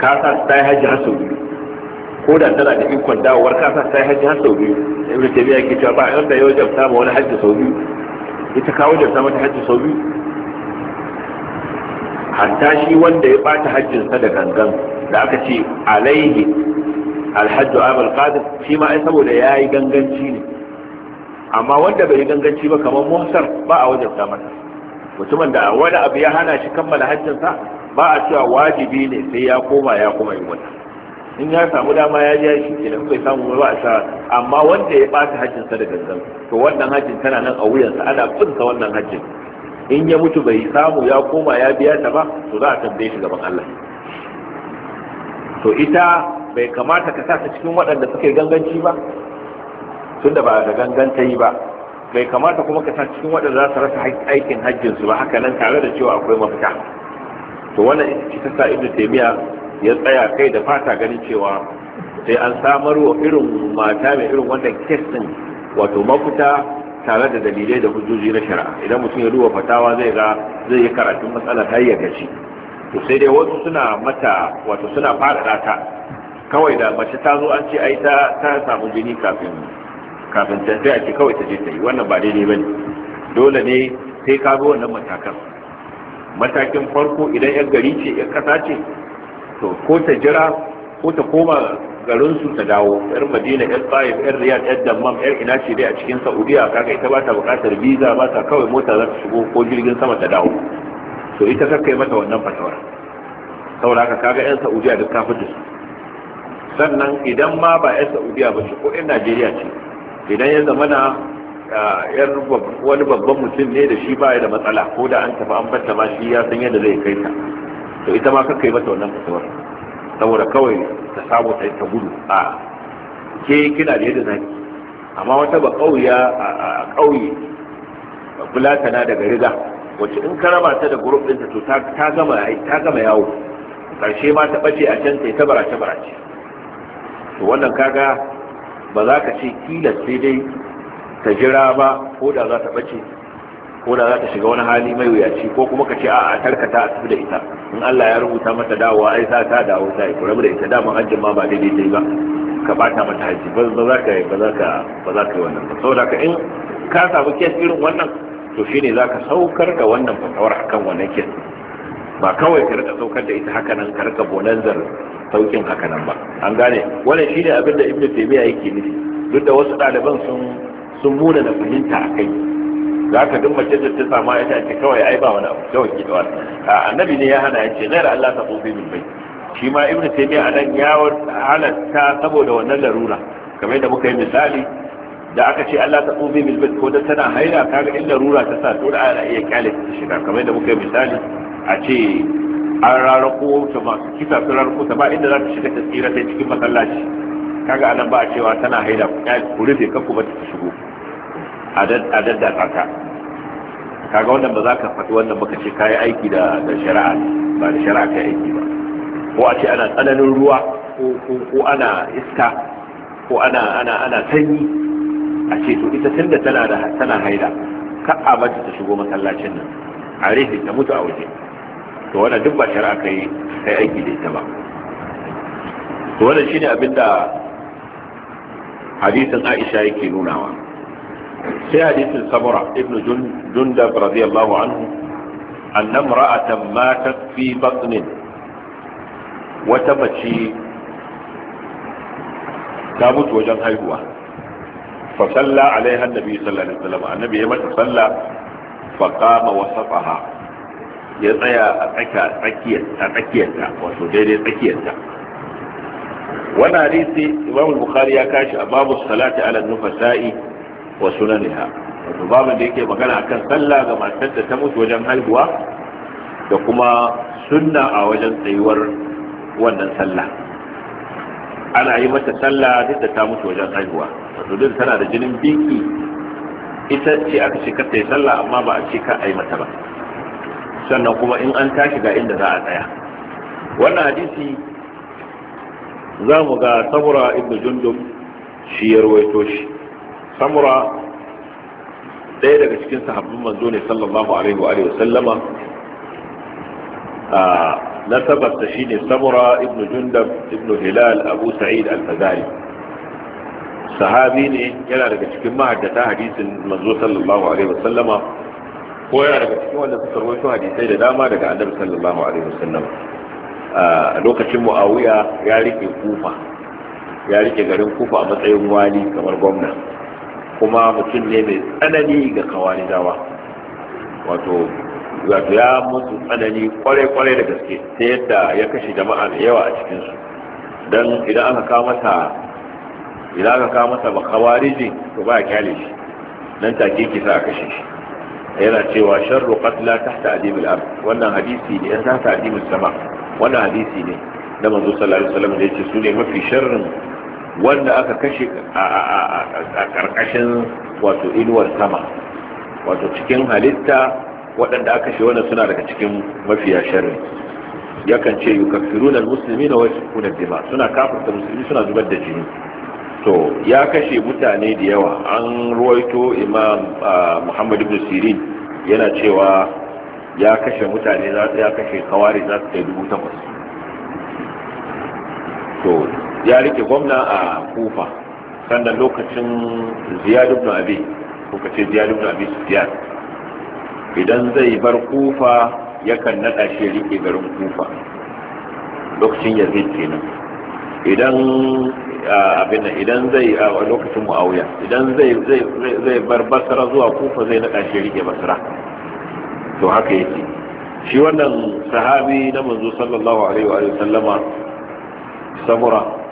ka sa ta yi hajji har sau biyu ko da tana da ikon dawowar kasa sai hajji har sau biyu ibn tabiya ke cewa ba yanda yau jamta ma wani hajji sau biyu ita kawo jamta mata hajji sau biyu hatta shi wanda ya bata hajjin sa da gangan da aka ce alaihi alhajju abul qadir shi ma ai saboda yayi ganganci ne amma wanda bai ganganci ba kamar muhsar ba a wajen ta samar mutumin da wani abu ya hana shi kammala hajjinsa ba a cewa wajibi ne sai ya koma ya koma yi wata in ya samu dama ya ya shi kenan bai samu ba a sha amma wanda ya bata hajjin sa da gangan to wannan hajjin tana nan a wuyansa ana binsa wannan hajjin in ya mutu bai samu ya koma ya biya ta ba to za a tambaye shi gaban Allah to ita bai kamata ka sa cikin waɗanda suke ganganci ba tunda ba da gangan ta yi ba bai kamata kuma ka sa cikin waɗanda za su rasa aikin su ba haka nan tare da cewa akwai mafita to wannan ita ce ta sa ibnu taymiya ya tsaya kai da fata ganin cewa sai an samar wa irin mata mai irin wannan kestin wato makuta tare da dalilai da hujjoji na shari'a idan mutum ya duba fatawa zai ga zai yi karatun matsala ta yi gaci to sai dai wasu suna mata wato suna fara ta kawai da mace ta zo an ce ai ta ta samu jini kafin kafin ta tsaya ce kawai ta je ta yi wannan ba daidai bane dole ne sai ka bi wannan matakan matakin farko idan yan gari ce yan kasa ce to ko ta jira ko ta koma garinsu ta dawo yar madina yar tsaye yar riyad yar dammam yar ina ce dai a cikin saudiya kaga ita ba ta bukatar visa ba ta kawai mota za ta shigo ko jirgin sama ta dawo to ita kai mata wannan fatawar saboda haka kaga yan saudiya duk ta fita sannan idan ma ba 'yan saudiya ba ce ko 'yan najeriya ce idan ya zama na wani babban mutum ne da shi ba ya da matsala ko da an tafi an batta ma shi ya san yadda zai kai ta to ita ma kakka mata wannan fatawar saboda kawai ta samu ta ta gudu a ke kina da yadda zaki amma wata ba kauya a kauye na daga riga wacce in ka raba ta da gurup ɗinta to ta gama ta gama yawo karshe ma ta bace a can ta ta barace barace to wannan kaga ba za ka ce kila sai dai ta jira ba ko da za ta bace ko da za ta shiga wani hali mai wuyaci ko kuma ka ce a tarkata a tafi da ita in Allah ya rubuta mata dawowa ai za ta dawo ta yi rabu da ita daman hajjin ma ba daidai ta yi ba ka bata mata haji ba za ka ba za ka ba za ka yi wannan ba saboda ka in ka samu kes irin wannan to shine za ka saukar da wannan fatawar akan wannan kes ba kawai ka rika saukar da ita haka nan ka rika bonanzar saukin haka nan ba an gane wannan shine abin da ibnu taymiya yake nufi duk da wasu ɗaliban sun sun muna da fahimta a kai za ka duk mace da ta samu aisha ce kawai ai ba wani abu kawai ki dawar annabi ne ya hana ya ce ghaira Allah ta tsofi min bai shi ma ibnu taymiya nan ya halatta saboda wannan larura kamar yadda muka yi misali da aka ce Allah ta tsofi min bai ko da tana haira kaga inda larura ta sa dole ana iya kyale ta shiga kamar yadda muka yi misali a ce an rarako ta masu kisa sun rarako ta ba inda za ta shiga ta tsira ta cikin masallaci kaga anan ba a cewa tana haira ku rufe kanku ba ta shigo a daddaka ka kaga wannan ba za ka faɗi wannan baka ce kayi aiki da shari'a ba da shari'a kai aiki ba ko a ce ana tsananin ruwa ko ana iska ko ana sanyi a ce to ita tun da tana haida ka a mata ta shigo masallacin nan a rufe ta mutu a waje to wannan duk ba shari'a kai kai aiki da ita ba to wannan shine abinda hadisin Aisha yake nunawa sai hadisin samura ibn jundab radiyallahu anhu annam ra'atan matat fi batnin wata mace ta mutu wajen haihuwa fa salla alaiha annabi sallallahu alaihi ya mata salla fa qama wa safaha ya tsaya a tsaka tsakiyar a tsakiyarta wato daidai tsakiyarta wannan hadisi imam bukhari ya kashi a babu salati ala wa sunaniha wato babin da yake magana akan sallah ga matar da ta mutu wajen haihuwa da kuma sunna a wajen tsayuwar wannan sallah ana yi mata sallah duk da ta mutu wajen haihuwa wato duk tana da jinin biki ita ce aka ce kar ta yi sallah amma ba a ce ka a yi mata ba sannan kuma in an tashi ga inda za a tsaya wannan hadisi za mu ga sabura ibnu jundum shi ya rawaito shi samura ɗaya daga cikin sahabbin manzo ne sallallahu alaihi wa sallama a ah, nasabarsa shi ne samura Ibn jundab Ibn hilal abu sa'id al-fazari sahabi ne yana daga cikin mahaddata hadisin manzo sallallahu alaihi wa sallama ko yana daga cikin wanda suka rawaito hadisai da dama daga annabi sallallahu alaihi wa sallama ah, a lokacin muawiya ya rike kufa ya rike garin kufa a matsayin wali kamar gwamna kuma mutum ne mai tsanani ga kawarijawa wato wato ya mutu tsanani kwarai-kwarai da gaske ta yadda ya kashe jama'a da yawa a cikinsu don idan aka kamata idan aka kamata ba kawariji to ba a kyale shi nan ta take kisa a kashe shi yana cewa sharru qatla tahta adimil ard wannan hadisi ne yan tahta adimil sama wannan hadisi ne na manzo sallallahu alaihi wasallam da yace su ne mafi sharrin wanda aka kashe a ƙarƙashin wato inuwar sama wato cikin halitta waɗanda aka kashe wannan suna daga cikin mafiya sharri yakan ce yukafirun Musulmi na wasu kunan dima suna kafirta musulmi suna zubar da jini to ya kashe mutane da yawa an ruwaito imam muhammad ibn sirin yana cewa ya kashe mutane ya kashe kawari za su kai dubu takwas ya rike gwamna a kufa sannan lokacin ziyad ibn abi kuka ce ziyad ibn abi sufyan idan zai bar kufa yakan nada shi rike garin kufa lokacin yazid kenan idan abin idan zai a lokacin muawiya idan zai zai zai bar basra zuwa kufa zai nada shi rike basra to haka yake shi wannan sahabi na manzo sallallahu alaihi wa sallama samura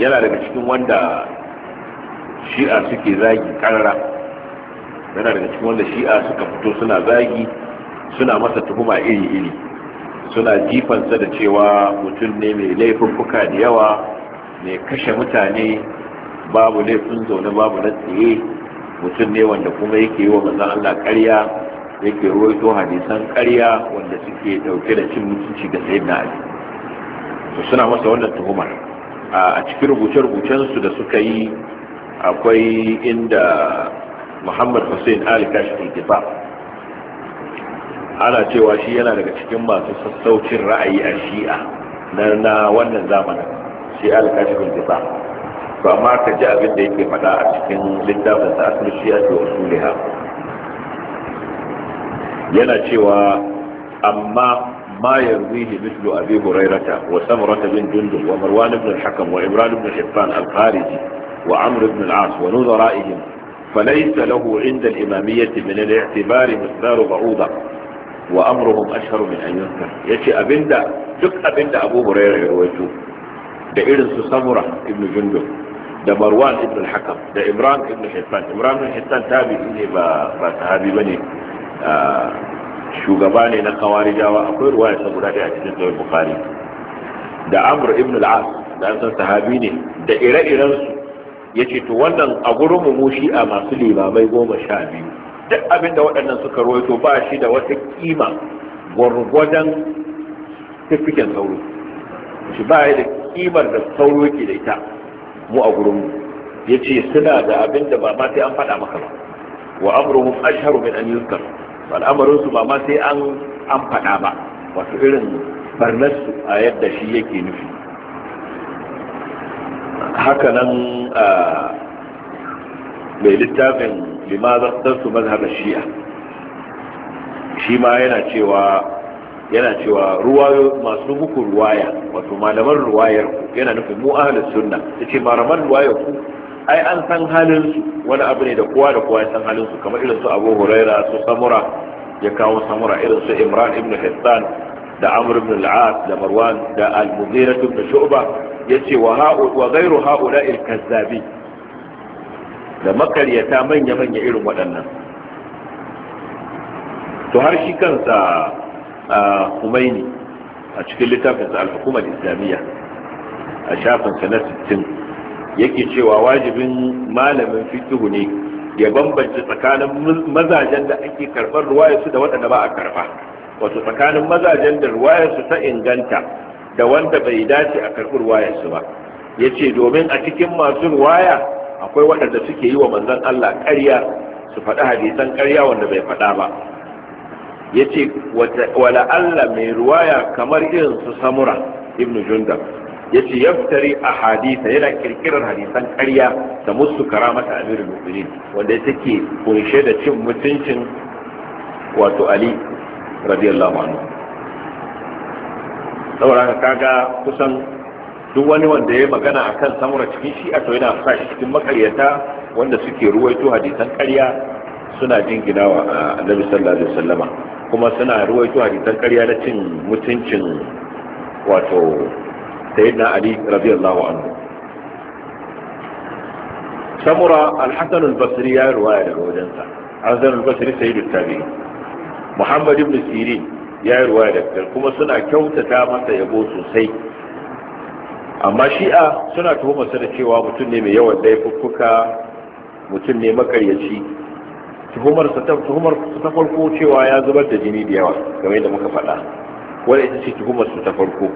yana daga cikin wanda shi'a suke zagi karara yana daga cikin wanda shi'a suka fito suna zagi suna masa tuhuma iri-iri suna jifansa da cewa mutum ne mai laifuffuka da yawa mai kashe mutane babu laifin zaune babu na tsaye mutum ne wanda kuma yake yi wa manzan Allah karya yake ruwaito hadisan karya wanda suke ɗauke da cin mutunci ga sayyidina Ali to suna masa wannan tuhumar a cikin rubuce-rubucensu da suka yi akwai inda muhammad hussein ali kashi diba ana cewa shi yana daga cikin masu sassaucin ra'ayi a shi'a na wannan zamanin shi ali kashi diba ba ma ka ji abin da yake faɗa a cikin littafin sa asir shi'a da usuliha yana cewa amma ما يرويه مثل أبي هريرة وسمرة بن جندب ومروان بن الحكم وإمران بن حبان الخارجي وعمر بن العاص ونظرائهم فليس له عند الإمامية من الاعتبار مصدار بعوضة وأمرهم أشهر من أن ينكر يشي أبندا دك أبندا أبو هريرة يرويته da irin su samura ibn jundub da marwan ibn al-hakam da imran ibn hittan imran ibn hittan tabi'i ne ba ba sahabi bane shugaba ne na jawa. akwai ruwaya ta guda ɗaya a cikin sahih bukhari da amr ibn al-as da an san sahabi ne da ire-iren su ce to wannan a gurin mu a masu limamai goma sha biyu duk abin da waɗannan suka rawaito ba shi da wata kima gwargwadon tafikin sauro shi ba da kimar da sauro ke da ita mu a gurin mu yace suna da abin da ba ma sai an faɗa maka ba wa amruhum ashharu min an yuzkar al'amarinsu ba ma sai an an faɗa ba wato irin barnarsu a yadda shi yake nufi haka nan mai littafin limazarsu mazhabar shi'a shi ma yana cewa yana cewa ruwa masu muku ruwaya wato malaman ruwayar ku yana nufin mu'ahalar sunna sunna yace malaman ruwayar ku ai an san halin su wani abu ne da kowa da kowa ya san halin su kamar irin su Abu Huraira su Samura ya kawo Samura irin su Imran ibn Hassan da Amr ibn al-As da Marwan da Al-Mughira ibn Shu'ba yace wa ha'u wa ghayru ha'ula'i al-kazzabi da makaryata manya manya irin waɗannan to har shi kansa Khomeini a cikin littafinsa al-hukumar islamiyya a shafinsa na 60 yake cewa wajibin malamin fikihu ne ya bambance tsakanin mazajen da ake karɓar ruwayarsu da waɗanda ba a karɓa wato tsakanin mazajen da ruwayarsu ta inganta da wanda bai dace a karɓi ruwayarsu ba ya ce domin a cikin masu ruwaya akwai waɗanda suke yi wa manzan Allah ƙarya su faɗi hadisan ƙarya wanda bai faɗa ba ya ce wala Allah mai ruwaya kamar irin su samura ibnu jundab yace yaftari ahadisa yana kirkirar hadisan ƙarya da musu karamata amirul mu'minin wanda take kunshe da cin mutuncin wato ali radiyallahu anhu saboda kaga kusan duk wani wanda ya magana akan samura cikin shi a to yana sa shi cikin makaryata wanda suke ruwaito hadisan ƙarya suna jingina wa annabi sallallahu alaihi wasallama kuma suna ruwaito hadisan ƙarya na cin mutuncin wato sayyidina ali radiyallahu anhu samura al-hasan al-basri ya ruwaya daga wajensa hasan al-basri sayyidu tabi'in ibn sirin ya ruwaya daga kuma suna kyautata masa yabo sosai amma shi'a suna tuhumar sa da cewa mutum ne mai yawan mutum ne makaryaci tuhumar su ta farko cewa ya zubar da jini da yawa game da muka faɗa wanda ita ce tuhumar su ta farko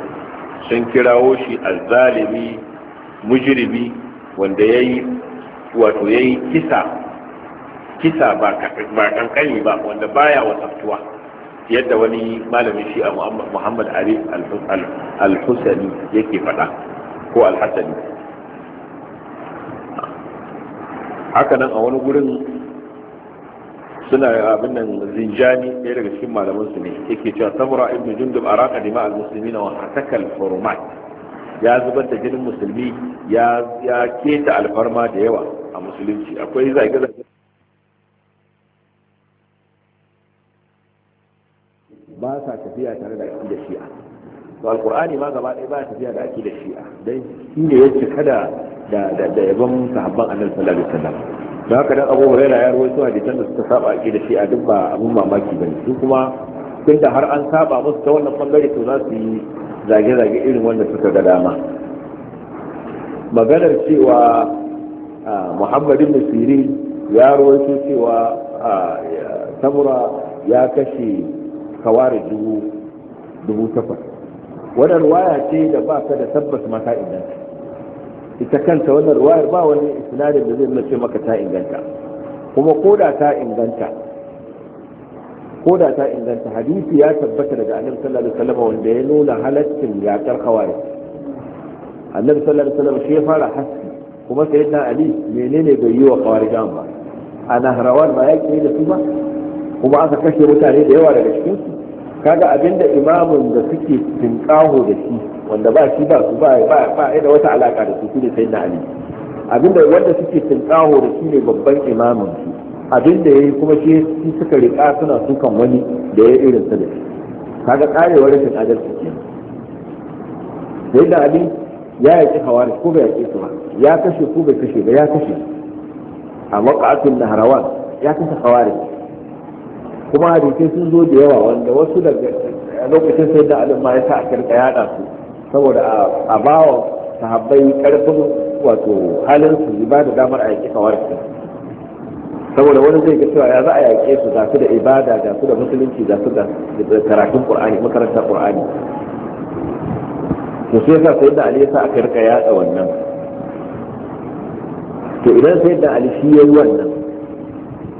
sun kirawo shi azzalimi mujirimi wanda yi wato yayi kisa kisa ba kankani ba wanda baya wasaftuwa yadda wani malamin shi a Muhammad Ali al-Husani yake faɗa ko al-Hasani haka nan a wani gurin suna abin nan zinjani ɗaya daga cikin malaman su ne yake cewa samura ibn jundub araka dima al muslimina wa hatakal hurumat ya zubar da jinin musulmi ya ya keta alfarma da yawa a musulunci akwai zage zage ba sa tafiya tare da da shi'a to alqur'ani ma gaba ɗaya ba tafiya da ake da shi'a dan shine yake kada da da yaban sahabban annabi sallallahu alaihi wasallam da haka dan yana huraira ya rawaito hadisan da suka saba a da shi a duk ba abun mamaki ne su kuma da har an saba musu ta wannan bangare to za su yi zage-zage irin wanda suka ga dama maganar cewa muhammad ibn sirin ya rawaito cewa samura ya kashe kawari dubu takwas wadar waya ce da ba ta da tabbas mata inganta ita kanta wannan ruwayar ba wani isnadin da zai mace maka ta inganta kuma koda ta inganta koda ta inganta hadisi ya tabbata daga annabi sallallahu alaihi wasallam wanda ya nuna halaccin yakar khawarij annabi sallallahu alaihi wasallam shi ya fara haski kuma sayyidina ali menene bai yi wa khawarijan ba a nahrawan ba ya da su ba kuma aka kashe mutane da yawa daga cikin su kaga abinda imamun da suke kaho da shi wanda ba shi ba su ba ba da wata alaka da su ne na ali abinda wanda suke kaho da shi ne babban imamun su abinda yayi kuma shi suka rika suna sukan wani da ya irin sa da shi kaga karewar rashin adalci ke da ali ya yaki hawari ko bai yaki su ba ya kashe ko bai kashe ba ya kashe a waqatul nahrawan ya kashe hawari kuma hadisai sun zo da yawa wanda wasu daga lokacin sai da alimma ya sa a kirka yada su saboda a bawa sahabbai karfin wato halin su ba da damar a yaƙi kawar su saboda wani zai ga cewa ya za a yaƙe su ga su da ibada ga su da musulunci ga su da karatun qur'ani makarantar qur'ani to sai yasa sai da ali ya sa a kirka yada wannan to idan sai da ali shi yayi wannan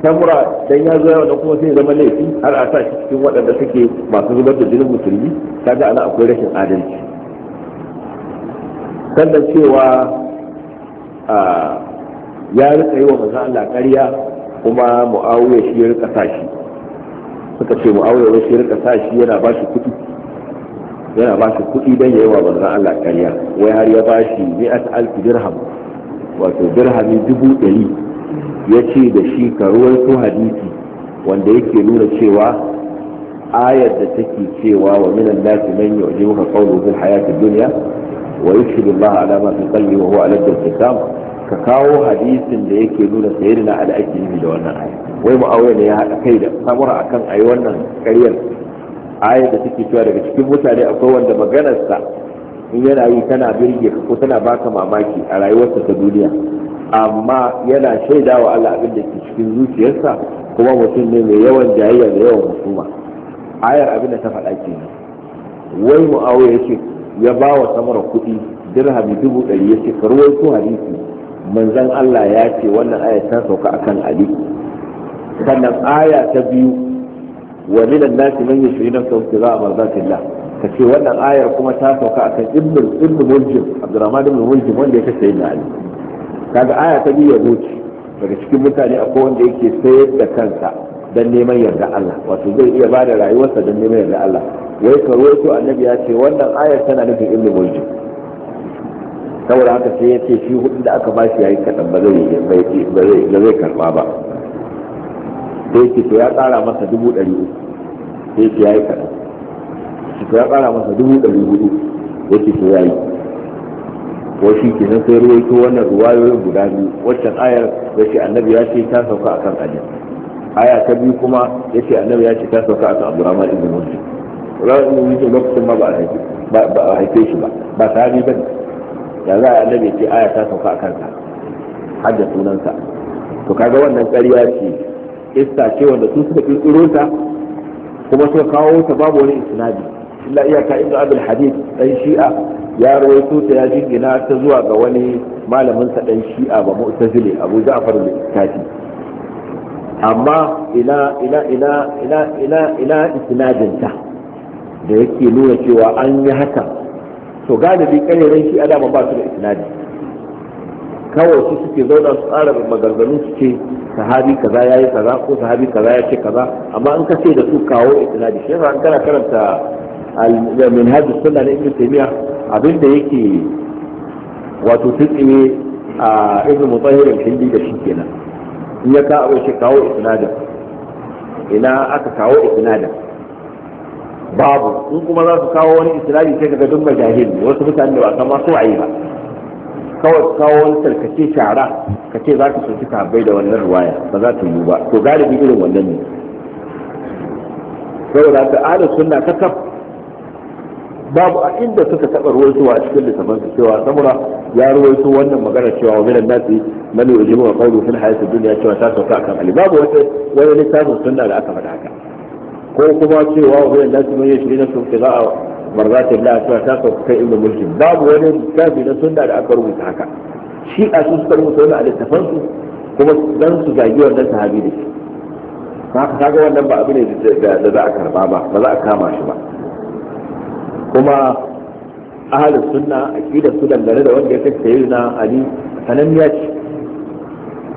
samura dan ya zo yawa kuma sai zama laifi har a sa shi cikin waɗanda suke masu zubar da jinin musulmi kaga ana akwai rashin adalci sannan cewa ya rika yi wa manzon Allah ƙarya kuma mu'awiya shi ya rika sa shi suka ce mu'awiya shi ya rika sa shi yana ba shi kuɗi yana ba shi kuɗi dan ya yi wa manzon Allah ƙarya wai har ya ba shi mi'at alfi dirham wato dirhami dubu ɗari ya ce da shi ka ruwaito hadisi wanda yake nuna cewa ayar da take cewa wa minan nasi man yu'jibuka qawluhu fil hayati dunya wa yushhidu Allah ala ma fi qalbi wa huwa ala al-kitab ka kawo hadisin da yake nuna sayyidina ali ake yi da wannan aya wai mu'awiya ne ya haɗa kai da samura akan ayi wannan ƙaryar ayar da take cewa daga cikin mutane akwai wanda maganarsa in yana yi tana birge ka ko tana baka mamaki a rayuwarsa ta duniya amma yana shaidawa Allah abin da ke cikin zuciyarsa kuma mutum ne mai yawan jayayya da yawan musuma ayar abin da ta faɗa ke nan wai ya ce ya ba wa samara kuɗi dirhami dubu ɗari ya ce karuwar su hadisi manzan Allah ya ce wannan ayar ta sauka a kan Ali sannan aya ta biyu wa minan nasi man yashri nafsahu ibtigaa mardatillah ka ce wannan ayar kuma ta sauka akan ibnu ibnu muljim abdurrahman ibnu muljim wanda ya kace yin ali kaga aya ta biyu ya ce daga cikin mutane akwai wanda yake sayar da kansa dan neman yarda Allah wato zai iya bada rayuwarsa dan neman yarda Allah wai karwaito annabi ya ce wannan ayar tana nufin ilmi mulki saboda haka sai ya ce shi hudu da aka bashi yayi kadan ba zai ba zai karba ba sai ce ya tsara masa dubu ɗari uku sai ce yayi kadan to ya tsara masa dubu ɗari hudu yake ya yayi ko shi ke nan sai ruwaito wannan ruwayoyin guda biyu waccan ayar ya ce annabi ya ce ta sauka akan ali aya ta biyu kuma ya ce annabi ya ce ta sauka akan abdurrahman ibn muslim rawar ibn muslim lokacin ma ba a haife shi ba ba sahabi ba ya za a annabi ce aya ta sauka akan sa hadda sunansa to kaga wannan ƙarya ce ista ce wanda su suka kirkiro ta kuma suka kawo ta babu wani isnadi illa iyaka ibnu abul hadid dan shi'a ya rawaito ta ya jingina ta zuwa ga wani malamin sa dan shi'a ba mu'tazili abu ja'far al-iskati amma ila ila ila ila ila ila isnadin ta da yake nuna cewa an yi haka to galibi kayyarin shi'a da ba su da isnadi kawai su suke zauna su tsara maganganu su ce sahabi kaza ya yi kaza ko sahabi kaza ya ce kaza amma an kace da su kawo isnadi shi yasa an kana karanta min hajji suna na ibn taimiyya abinda yake wato tutsiye a ibn mutahir hindi da shi kenan in ka abu shi kawo isnadin ina aka kawo isnadin babu in kuma za su kawo wani isnadi sai kaga duk majahil wasu mutane da ba san ma su ayi ba kawai kawo wani tarkace shara ka ce za ka soki da wannan ruwaya ba za ta yi ba to irin wannan ne saboda ka ahlus babu a inda suka taɓa ruwaitowa a cikin littafin su cewa samura ya ruwaito wannan magana cewa wa minan nasi man yujibu wa qawlu fil hayati dunya cewa ta sauka akan ali babu wata wani littafin sunna da aka faɗa haka ko kuma cewa wa minan nasi man yashri nafsu ibtida'a marzatin la cewa ta sauka kai ibnu mulkin babu wani littafi na sunna da aka rubuta haka shi a su suka rubuta wannan a littafin su kuma dan su zagi wannan sahabi da shi haka ga wannan ba abu ne da za a karba ba ba za a kama shi ba kuma ahalin sunna aqidar su dangane da wanda ya kace sayyidina ali sanan ce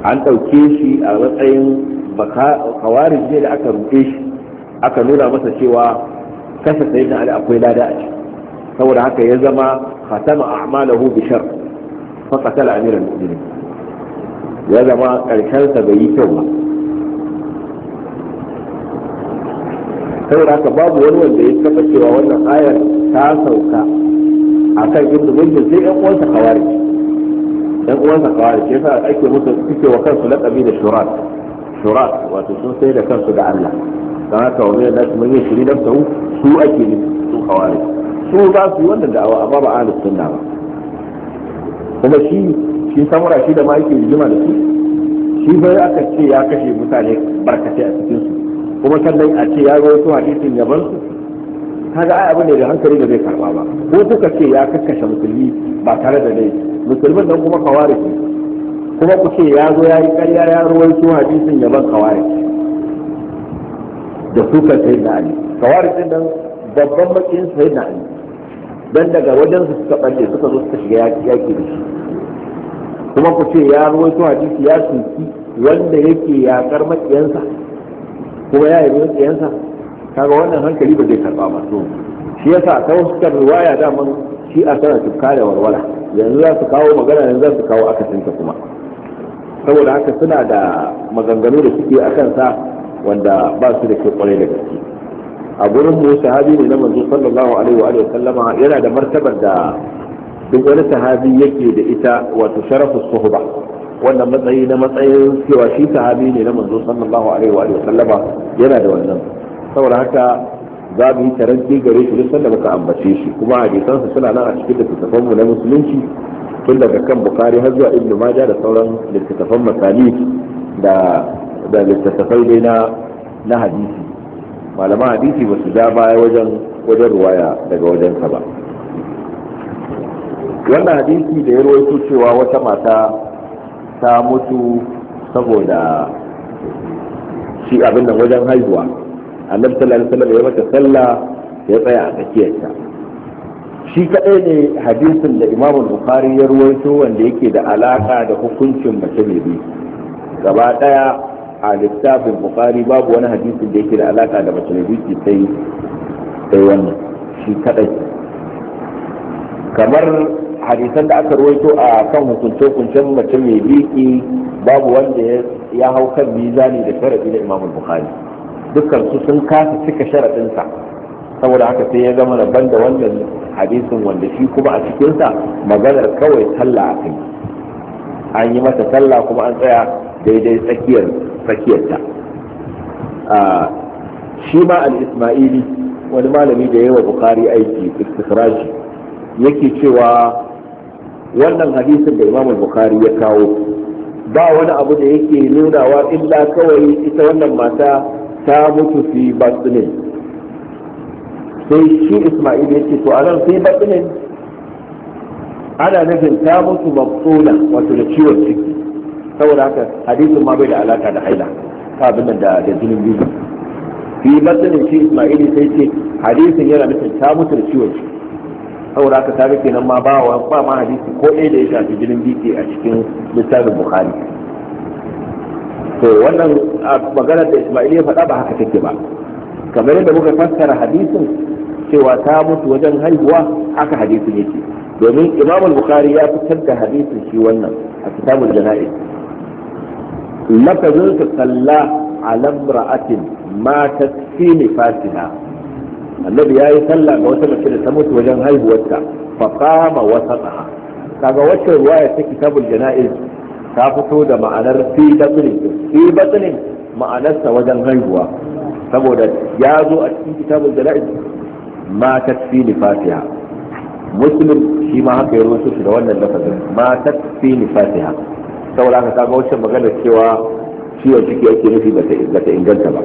an dauke shi a matsayin baka kawarin ne da aka rufe shi aka nuna masa cewa kashe sayyidina ali akwai lada a saboda haka ya zama a a'malahu bi shar fa qatala amiral ya zama karshen sa bai yi kyau ba saboda haka babu wani wanda ya kasa cewa wannan ayar ta sauka a kan inda mulkin sai yan uwansa kawari yan uwansa kawari ke sa ake musu suke wa kansu laƙabi da shurat shurat wato sun sai da kansu da Allah don haka wani yadda su mun yi shiri don su su ake yi su kawari su za su yi wannan da'awa amma ba ahlus sunna ba kuma shi shi samura shi da ma yake rigima da su shi bai aka ce ya kashe mutane barkatai a cikinsu. kuma sannan a ce ya rawaito hadisin yaban su kaga ai abu ne da hankali da zai karba ba ko kuka ce ya kakkashe musulmi ba tare da laifi musulmin nan kuma kawari kuma ku ce ya zo ya yi karya ya rawaito hadisin yaban kawari da sukan sai na ali kawari din nan babban makin sai na ali dan daga wajen su suka balle suka zo suka shiga yaki da shi kuma ku ce ya su hadisi ya suki wanda yake yakar makiyansa kuma ya yi tsayansa kaga wannan hankali ba zai karba ba to shi yasa ta wasu ruwaya daman shi a sana tuka da warwala yanzu za su kawo magana yanzu za su kawo akasinta kuma saboda haka suna da maganganu da suke a kansa wanda ba su da ke kwarai da gaske a gurin mu sahabi ne na manzo sallallahu alaihi wa sallama yana da martabar da duk wani sahabi yake da ita wato sharafu suhba wannan matsayi na matsayin cewa shi sahabi ne na manzo sallallahu alaihi wa sallama yana da wannan saboda haka za mu yi taranti gare shi duk sanda muka ambace shi kuma hadisansa suna nan a cikin littattafan mu na musulunci tun daga kan bukari har zuwa ibnu majah da sauran littattafan masani da da littattafai dai na na hadisi malaman hadisi ba su ja baya wajen wajen ruwaya daga ka ba wannan hadisi da ya ruwaito cewa wata mata ta mutu saboda shi abin nan wajen haihuwa annabi sallallahu alaihi wasallam ya mata sallah ya tsaya a tsakiyarta shi kaɗai ne hadisin da imam bukhari ya ruwaito wanda yake da alaka da hukuncin mace mai bi gaba daya a littafin bukhari babu wani hadisin da yake da alaka da mace mai bi ke sai wannan shi kaɗai. kamar hadisan da aka ruwaito a kan hukunce-hukuncen mace mai biki babu wanda ya hau kan mizani da sharaɗi da imam bukhari dukkan su sun kasa cika sharaɗinsa saboda haka sai ya zama ban da wannan hadisin wanda shi kuma a cikinsa maganar kawai sallah a kai an yi mata sallah kuma an tsaya daidai tsakiyar tsakiyarta shi ma al-ismaili wani malami da yawa bukari aiki istikraji yake cewa wannan hadisin da imam bukhari ya kawo ba wani abu da yake nunawa illa kawai ita wannan mata ta mutu fi batsinin sai shi isma'il ya ce to nan sai batsinin ana nufin ta mutu mabtsuna wato da ciwon ciki saboda haka hadisin ma bai da alaka da haila ta abin da da jinin biyu fi batsinin shi isma'il sai ce hadisin yana nufin ta mutu da ciwon ciki saboda haka ta rike ma ba ba ma hadisi ko ɗaya da ya shafi jinin biki a cikin littafin bukhari to wannan maganar da isma'il ya faɗa ba haka take ba kamar yadda muka fassara hadisin cewa ta mutu wajen haihuwa haka hadisin yake domin imam bukhari ya fitar da hadisin shi wannan a kitabul jana'iz lafazin salla ala imra'atin matat fi nifasiha annabi ya yi sallah ga wata mace da ta mutu wajen haihuwarta fa qama wasataha kaga wacce ruwaya ta kitabul jana'iz ta fito da ma'anar fi batnin fi batnin ma'anarsa wajen haihuwa saboda ya zo a cikin kitabul jana'iz matat fi fatiha muslim shi ma haka ya rusu shi da wannan lafazin matat fi fatiha saboda haka kaga wacce magana cewa ciwon ciki yake nufi ba ta inganta ba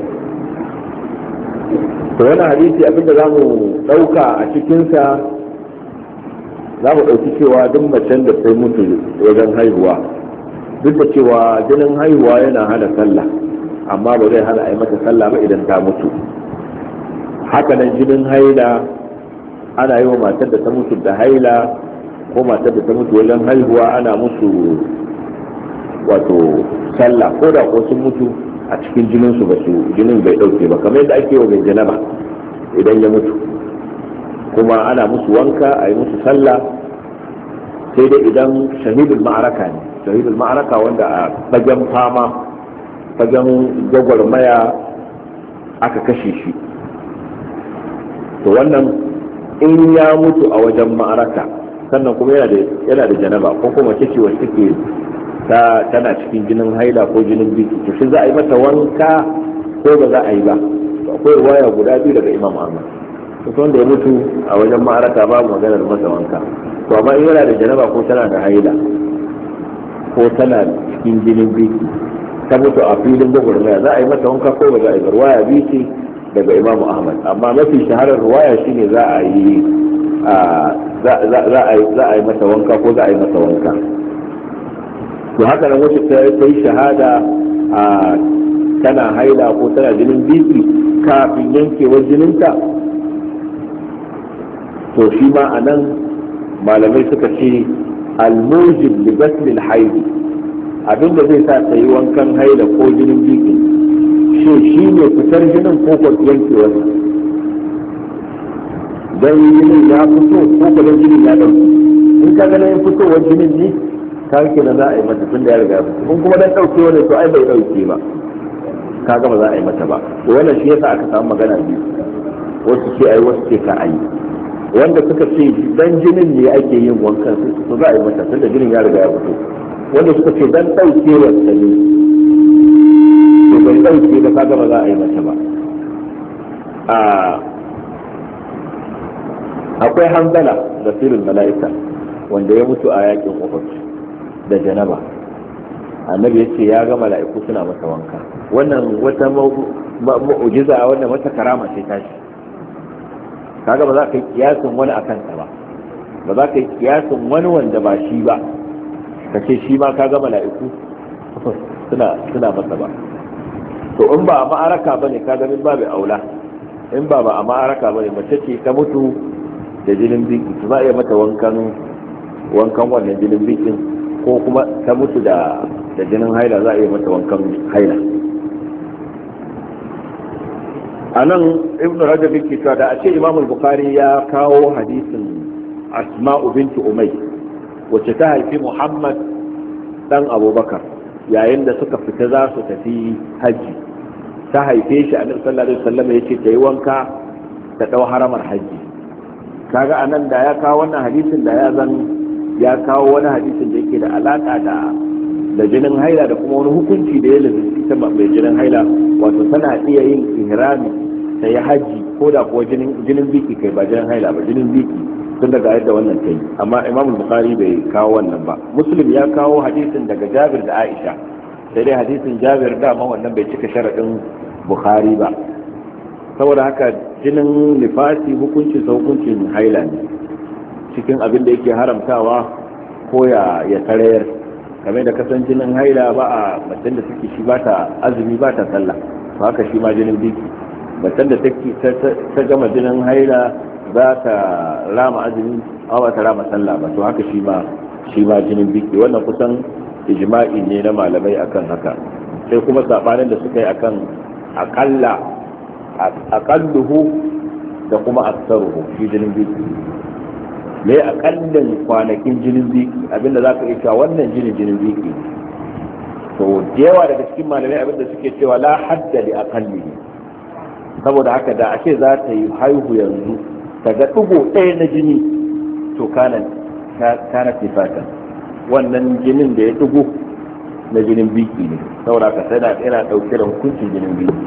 to wani hadisi abinda za mu ɗauka a cikinsa za mu ɗauki cewa duk macen da sai mutu wajen haihuwa duk da cewa jinin haihuwa yana hana sallah amma ba zai hana a mata sallah ba idan ta mutu haka nan jinin haila ana yi wa matar da ta mutu da haila ko matar da ta mutu wajen haihuwa ana musu wato sallah ko da ko sun mutu a cikin jinin su ba su jinin bai dauke ba kamar yadda ake wa mai janaba idan ya mutu kuma ana musu wanka a yi musu sallah sai dai idan shahidul ma'araka ne shahidul ma'araka wanda a fagen fama fagen gwagwarmaya aka kashe shi to wannan in ya mutu a wajen ma'araka sannan kuma yana da janaba ko kuma ciki wacce ke ta tana cikin jinin haila ko jinin biki to shi za a yi mata wanka ko ba za a yi ba to akwai waya guda biyu daga imam ahmad to wanda ya mutu a wajen ma'araka ba maganar masa wanka to amma in yana da janaba ko tana da haila ko tana cikin jinin biki ta mutu a filin gwagwarmaya za a yi mata wanka ko ba za a yi ba waya biyu daga imam ahmad amma mafi shaharar ruwaya shine za a yi za a yi mata wanka ko za a yi mata wanka to haka nan wacce ta yi shahada a tana haila ko tana jinin biki kafin yankewar jininta to shi ma a nan malamai suka ce almujib li baslil haidi abin da zai sa ta yi wankan haila ko jinin biki shi shi ne fitar jinin ko ko yankewar dan jinin ya fito ko ko jinin ya dauki in ka ga na fitowar jinin ne kaga na za a yi mata tun da ya riga kun kuma dan ɗauke wani to ai bai dauke ba Ka gama za a yi mata ba to wannan shi yasa aka samu magana biyu wasu ce ai wasu ce ka ai wanda suka ce dan jinin ne ake yin wankan su to za a yi mata tun da jinin ya riga ya fito wanda suka ce dan ɗauke wasa ne to bai ɗauke ba ka gama za a yi mata ba akwai hanzala da sirrin mala'ika wanda ya mutu a yakin ƙofar. da janaba annabi ya ce ya ga mala'iku suna masa wanka wannan wata mu'jiza wannan wata karama ce tashi kaga ba za ka yi kiyasin wani akan ta ba ba za ka yi kiyasin wani wanda ba shi ba ka ce shi ma kaga mala'iku suna suna masa ba to in ba a ma'araka bane kaga min babu aula in ba ba a ma'araka bane mace ce ta mutu da jinin biki to za a mata wankan wankan wannan jinin bikin ko kuma ta mutu da da jinin haila za a yi mata wankan haila a nan ibn rajab yake cewa da a ce imam bukhari ya kawo hadisin asma'u bintu Umai, wacce ta haifi muhammad dan abubakar yayin da suka fita za su tafi hajji ta haife shi annabi sallallahu alaihi wasallam yace ta yi wanka ta ɗau haramar hajji kaga anan da ya kawo wannan hadisin da ya zan ya kawo wani hadisin da yake da alaka da da jinin haila da kuma wani hukunci da ya lalata ta mai jinin haila wato tana iya yin ihrami ta yi haji ko da kuwa jinin biki kai ba jinin haila ba jinin biki tun daga yadda wannan ta yi amma imam bukhari bai kawo wannan ba muslim ya kawo hadisin daga jabir da aisha sai dai hadisin jabir dama wannan bai cika sharaɗin bukhari ba saboda haka jinin nifasi hukuncin sa hukuncin haila ne cikin abin da yake haramtawa ko ya tarayar kamar da kasan jinin haila ba a macen da suke shi ba ta azumi ba ta sallah to haka shi ma jinin biki macen da ta gama jinin haila za ta rama azumi a ba ta rama sallah ba to haka shi ma shi ma jinin biki wannan kusan ijma'i ne na malamai akan haka sai kuma sabanin da suka yi akan akalla akalluhu da kuma aksaruhu shi jinin biki me aƙallin kwanakin jinin biki abinda za ka iya wannan jinin jinin biki to yawa daga cikin malamai abinda suke cewa la hadda li aqalli saboda haka da ake za ta yi haihu yanzu daga ɗigo ɗaya na jini to kana tifata wannan jinin da ya ɗigo na jinin biki ne saboda haka yana ɗauke da hukuncin jinin biki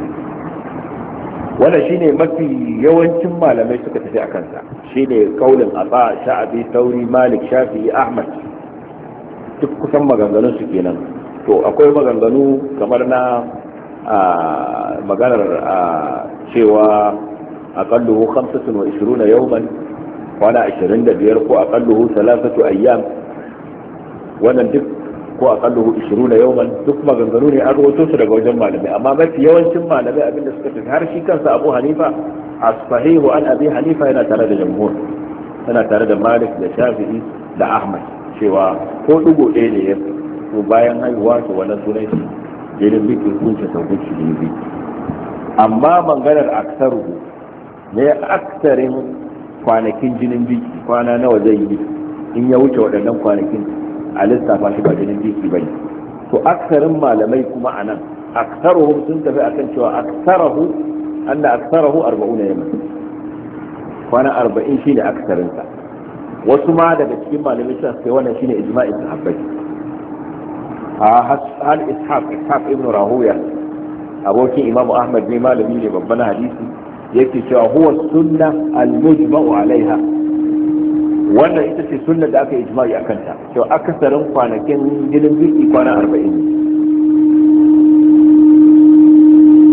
wannan shine mafi yawancin malamai suka tafi a kansa shine kaulin asa sha'abi tauri malik shafi ahmad duk kusan maganganun su kenan to akwai maganganu kamar na maganar cewa aqalluhu 25 yawman kwana 25 ko aqalluhu 3 ayyam wannan duk ko a kallo na yau man duk maganganu ne an rawaito su daga wajen malamai amma mafi yawancin malamai abinda suka tafi har shi kansa Abu Hanifa a sahihu an Abi Hanifa yana tare da jamhur yana tare da Malik da Shafi'i da Ahmad cewa ko dugo ɗaya ne ya to bayan haihuwa to wani sunan shi jirin bikin kunce ta guci ne amma maganar aksaru ne aksarin kwanakin jinin biki kwana nawa zai yi in ya wuce waɗannan kwanakin a lissafa shi ba jinin biki ba ne to aksarin malamai kuma a nan aksaruhum sun tafi a kan cewa aksarahu anna aksarahu arba'una yaman kwana arba'in shi ne aksarinsa wasu ma daga cikin malamai sun sai wannan shi shine ijma'i sahabbai a hal ishaq ishaq ibn rahuya abokin imamu ahmad ne malami ne babban hadisi yake cewa huwa sunna al-mujma'u alaiha wannan ita ce sunna da aka yi ijma'i a kanta to akasarin kwanakin jinin biki kwana arba'in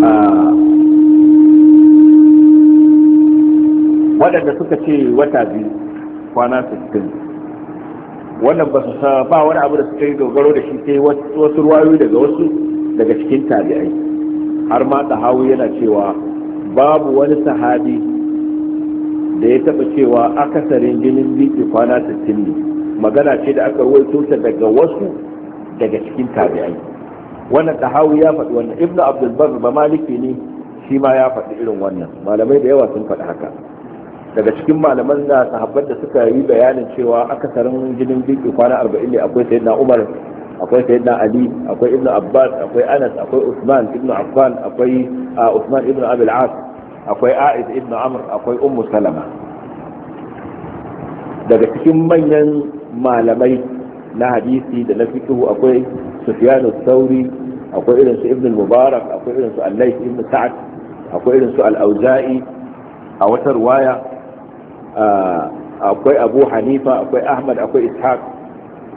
ah. waɗanda suka ce wata biyu kwana sittin wannan ba su ba wani abu da suka yi dogaro da shi sai wasu ruwayoyi daga wasu daga cikin tabi'ai har ma hawu yana cewa babu wani sahabi da ya taba cewa akasarin jinin biki kwana 60 ne magana ce da aka ruwaito ta daga wasu daga cikin tabi'ai wannan tahawi ya faɗi wannan ibnu abdul bar ba maliki ne shi ma ya faɗi irin wannan malamai da yawa sun faɗi haka daga cikin malaman da sahabban da suka yi bayanin cewa akasarin jinin biki kwana 40 ne akwai sayyidina umar akwai sayyidina ali akwai ibnu abbas akwai anas akwai usman ibnu affan akwai ah, usman ibnu abil as akwai a'id ibn amr akwai ummu salama daga cikin manyan malamai na hadisi da na fiqhu akwai sufyan al-thawri akwai irin su ibn mubarak akwai irin su Allais ibn sa'd akwai irin su al-auza'i a wata riwaya ah, akwai abu hanifa akwai ahmad akwai ishaq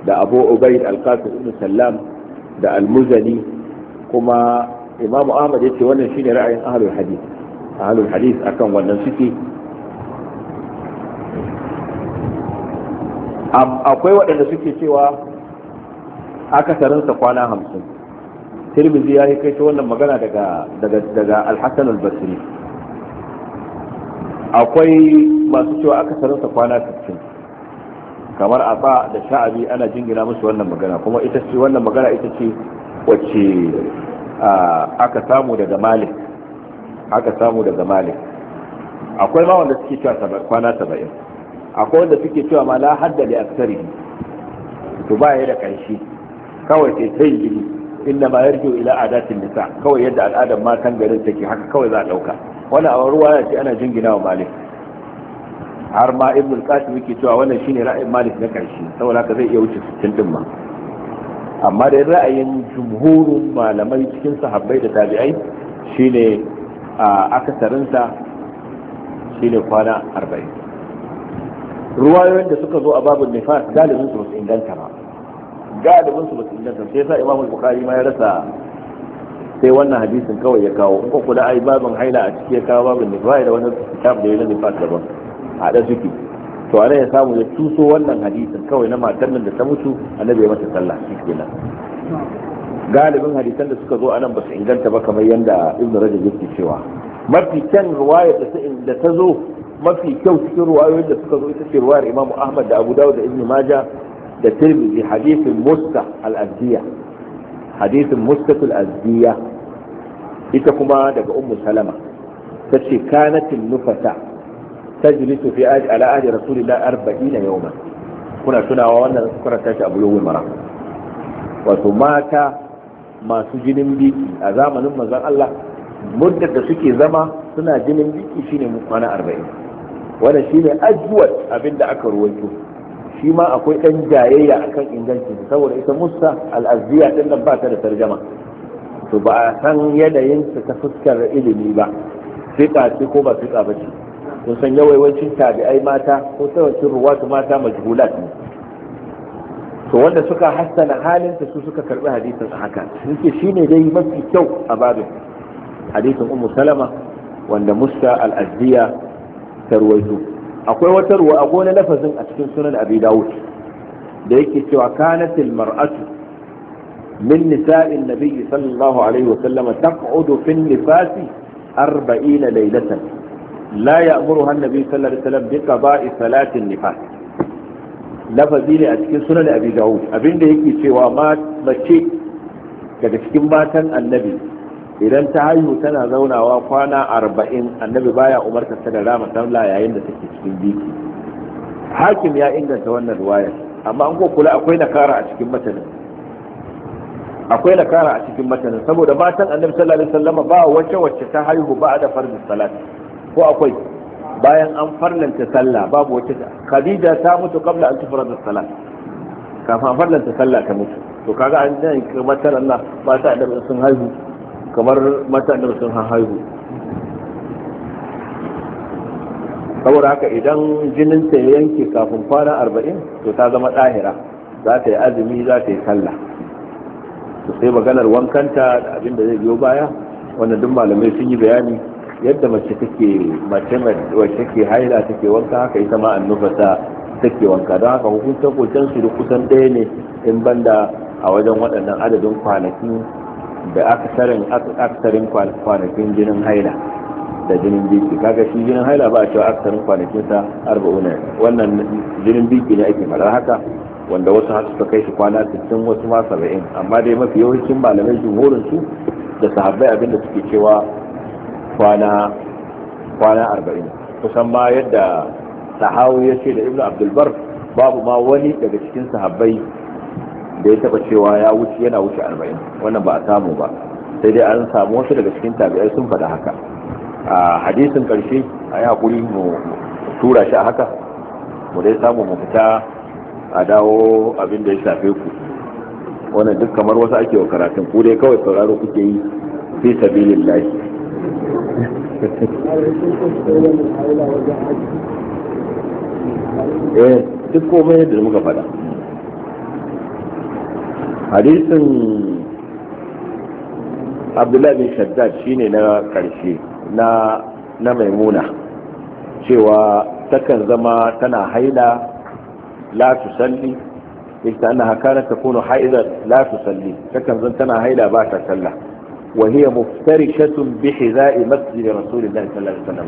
da abu ubaid al-qasim ibn sallam da al-muzani kuma imamu ahmad yace wannan shine ra'ayin ahlul hadith ahlul hadis akan wannan suke akwai waɗanda suke cewa akasarinsa kwana hamsin tirmizi ya yi kai ta wannan magana daga alhassan albasiri akwai masu cewa akasarinsa kwana hamsin kamar a ba da sha'abi ana jingina musu wannan magana kuma ita ce wannan magana ita ce wacce aka samu daga malik haka samu daga malik akwai ma wanda suke cewa kwana saba'in akwai wanda suke cewa ma la hadda li aksari to ba ya da ƙarshe kawai sai sai gidi inda ma yarjo ila adatin nisa kawai yadda al'adar matan garin take haka kawai za a ɗauka wani a ruwa ya ce ana jingina wa malik har ma ibnu al-qasim yake cewa wannan shine ra'ayin malik na ƙarshe saboda haka zai iya wuce 60 din ma amma da ra'ayin jumhurun malamai cikin sahabbai da tabi'ai shine akasarinsa shi ne kwana arba'in ruwayoyin da suka zo a babin nifas galibin su su inganta ba galibin su su inganta sai yasa imamu bukhari ma ya rasa sai wannan hadisin kawai ya kawo in kula ai babin haila a ciki ya kawo babin nifas da wani kitab da ya na nifas daban a da suke to ana ya samu ya tuso wannan hadisin kawai na matar nan da ta mutu annabi ya mata sallah shi kenan galibin hadisan da suka zo anan ba su inganta ba kamar yadda ibn rajab yake cewa mafi kyan ruwaya da ta zo mafi kyau cikin ruwayoyin da suka zo ita ce ruwayar imamu ahmad da abu dawud da ibn majah da tirmidhi hadisin musta al-azdiya hadisin musta al-azdiya ita kuma daga ummu salama tace kanatin nufata tajlisu fi ajli ala ahli rasulillahi 40 yawman kuna tunawa wannan suka karanta shi a bulugul mara. wato mata masu jinin biki a zamanin manzon Allah muddar da suke zama suna jinin biki shine kwana arba'in wanda shine ajwad abinda aka ruwaito shi ma akwai ɗan jayayya akan inganci saboda ita musa al'azziya ɗin nan ba ta da tarjama to ba a san yanayin ta ta fuskar ilimi ba fiƙa ce ko ba fiƙa ba ce kun san yawancin tabi'ai mata ko yawancin ruwatu mata majhulat ne to wanda suka hassana halinta su suka karbi hadisin a haka yake shine dai mafi kyau a babin hadisin ummu salama wanda musta al azziya ta ruwaito akwai wata ruwa a gona lafazin a cikin sunan abi dawud da yake cewa kanat al-mar'atu min nisa'in nabiyyi sallallahu alaihi wa sallam taq'udu fi an-nifasi 40 laylatan la ya'muruha an-nabi sallallahu alaihi wa sallam bi qada'i salati an-nifas lafazi ne a cikin sunan abi dawud abinda yake cewa mace daga cikin matan annabi idan ta haihu tana zaunawa kwana arba'in annabi baya umartar ta da rama daula yayin da take cikin biki hakim ya inganta wannan ruwayar amma an kula akwai nakara a cikin matanin akwai nakara a cikin matanin saboda matan annabi sallallahu alaihi wasallam ba wacce wacce ta haihu ba da farzin salat ko akwai bayan an farlanta sallah babu wata khadija ta mutu kabla an tufara da sallah kafin farlanta sallah ta mutu to kaga an yi matar Allah ba ta da sun haihu kamar mata da sun haihu saboda haka idan jinin ta yanke kafin kwana arba'in to ta zama ɗahira za ta yi azumi za ta yi sallah to sai maganar wankanta da abin da zai biyo baya wannan duk malamai sun yi bayani yadda mace take mace wace take haila take wanka haka ita ma ta take wanka don haka hukuncin kocin su da kusan ɗaya ne in banda a wajen waɗannan adadin kwanaki da aksarin kwanakin jinin haila da jinin biki kaga shi jinin haila ba a cewa aksarin kwanakin sa arba'una wannan jinin biki ne ake fara haka wanda wasu har suka kai shi kwana 60 wasu ma 70 amma dai mafi yawancin malamai jumhurin su da sahabbai abinda suke cewa kwana kwana arba'in kusan ma yadda sahawu ya ce da ibnu abdulbar babu ma wani daga cikin sahabbai da ya taba cewa ya wuce yana wuce arba'in wannan ba a samu ba sai dai an samu wasu daga cikin tabi'ai sun faɗa haka a hadisin ƙarshe a yi hakuri mu tura shi a haka mu dai samu mu fita a dawo abin da ya shafe ku wannan duk kamar wasu ake wa karatun ku dai kawai sauraro kuke yi fi sabilillahi eh duk komai yadda muka faɗa hadisin abdullahi bin shaddad shine na ƙarshe na na maimuna cewa takan zama tana haila la salli, ita annaha ta takunu ha'izar, la salli, takan zama tana haila ba ta sallah وهي مفترشة بحذاء مسجد رسول الله صلى الله عليه وسلم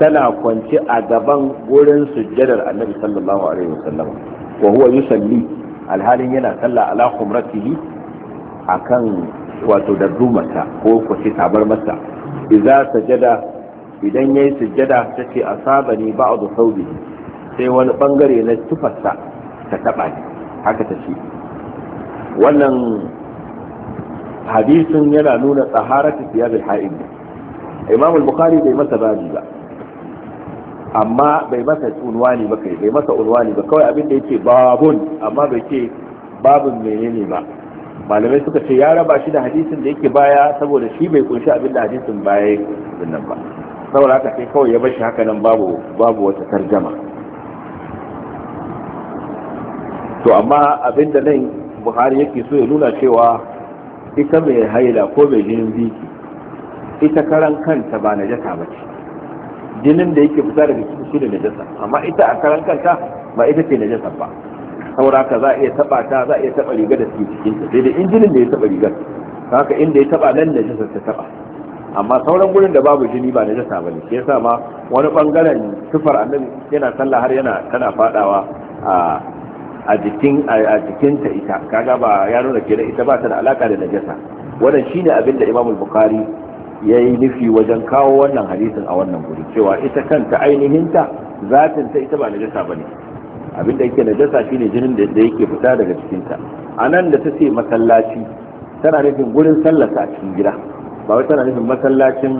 تنا كنت أجبان قولن سجد النبي صلى الله عليه وسلم وهو يصلي الحال ينا صلى على خمرته أكن وتدرمك هو كنت تعبر مسا إذا سجد idan ya yi sujjada ta ce a saba ne ba a saudi sai wani bangare na tufarsa ta taɓa haka ta ce wannan hadisin yana nuna tsaharati siyabil ha'id imam al-bukhari bai masa babi ba amma bai masa unwani ba kai bai masa unwani ba kawai abin da yake babun amma bai ce babun menene ba malamai suka ce ya raba shi da hadisin da yake baya saboda shi bai kunshi abin da hadisin baya nan ba saboda haka sai kawai ya bashi haka nan babu babu wata tarjama to amma abin da nan buhari yake so ya nuna cewa ita mai haila ko mai jinin biki ita karan kanta ba na jasa ba ce jinin da yake fita daga cikin shi ne jasa amma ita a karan kanta ba ita ce jasa ba saboda za a iya taba ta za a iya taba riga da suke cikin ta sai da jinin da ya taba rigar haka inda ya taba nan na jasa ta taba amma sauran gurin da babu jini ba na jasa ba ne shi yasa ma wani bangaren sufar annabi yana sallah har yana tana fadawa a a jikin a jikinta ita kaga ba ya nuna kenan ita ba ta da alaka da najasa wannan shine abin da Imam Bukhari yayi nufi wajen kawo wannan hadisin a wannan guri cewa ita kanta ainihin ta zatin ta ita ba najasa bane abin da yake najasa shine jinin da yake fita daga jikinta anan da ta ce masallaci tana nufin gurin sallata a cikin gida ba wai tana nufin masallacin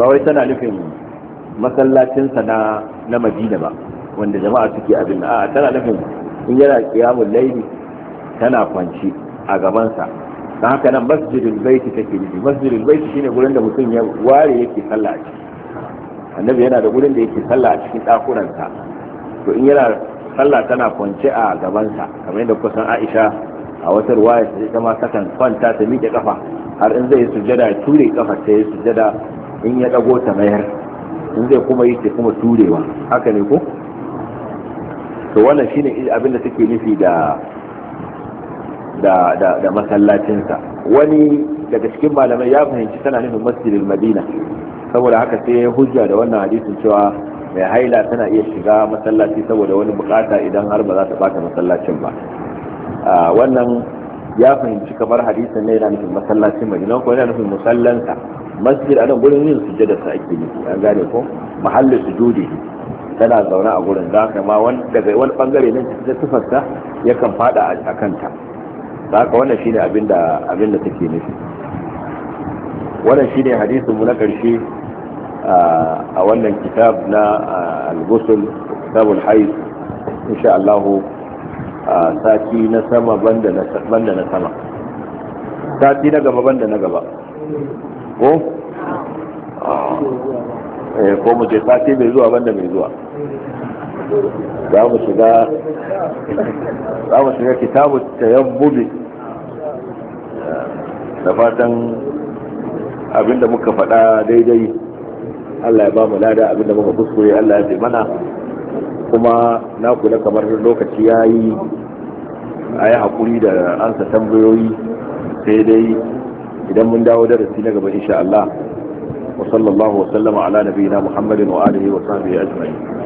ba wai tana nufin masallacinsa na na madina ba wanda jama'a suke abin a tana nufin in yana kiyamun laili tana kwanci a gabansa ta haka nan masjidin baiti take nufi Masjidin baiti shine gurin da mutum ya ware yake sallah a ciki annabi yana da gurin da yake sallah a cikin ɗakunansa to in yana sallah tana kwance a gabansa kamar yadda kusan aisha a wata ruwaya ta ita ma takan kwanta ta miƙe kafa har in zai yi sujjada ya ture kafa ta yi sujjada in ya ɗago ta mayar in zai kuma yi ta kuma turewa haka ne ko to wannan shine abin da take nufi da da da da masallacinsa wani daga cikin malamai ya fahimci tana nufin masjidil madina saboda haka sai ya hujja da wannan hadisin cewa mai haila tana iya shiga masallaci saboda wani bukata idan har ba za ta bata masallacin ba wannan ya fahimci kamar hadisin ne yana nufin masallacin madina ko yana nufin musallansa masjid a nan gurin yin sujjada sa ake yi, an gane ko mahallin sujudi tana zaune a gurin za ka ma daga wani bangare cikin ta ya kan fada a kanta za ka wannan shi abin da abin da take nufi wannan ne hadisun mu na karshe a wannan kitab na al gusul kitabul hayy insha Allah sati na sama banda na banda na sama sati na gaba banda na gaba ko ah. Eh, ko mu je sati mai zuwa banda mai zuwa za mu shiga za mu shiga kitabu eh, da fatan abinda muka faɗa daidai Allah ya ba mu lada abinda muka kuskure Allah ya mana kuma na kula kamar lokaci ya yi a yi haƙuri da ansa tambayoyi sai dai idan mun dawo darasi na gaba insha Allah وصلى الله وسلم على نبينا محمد وآله وصحبه أجمعين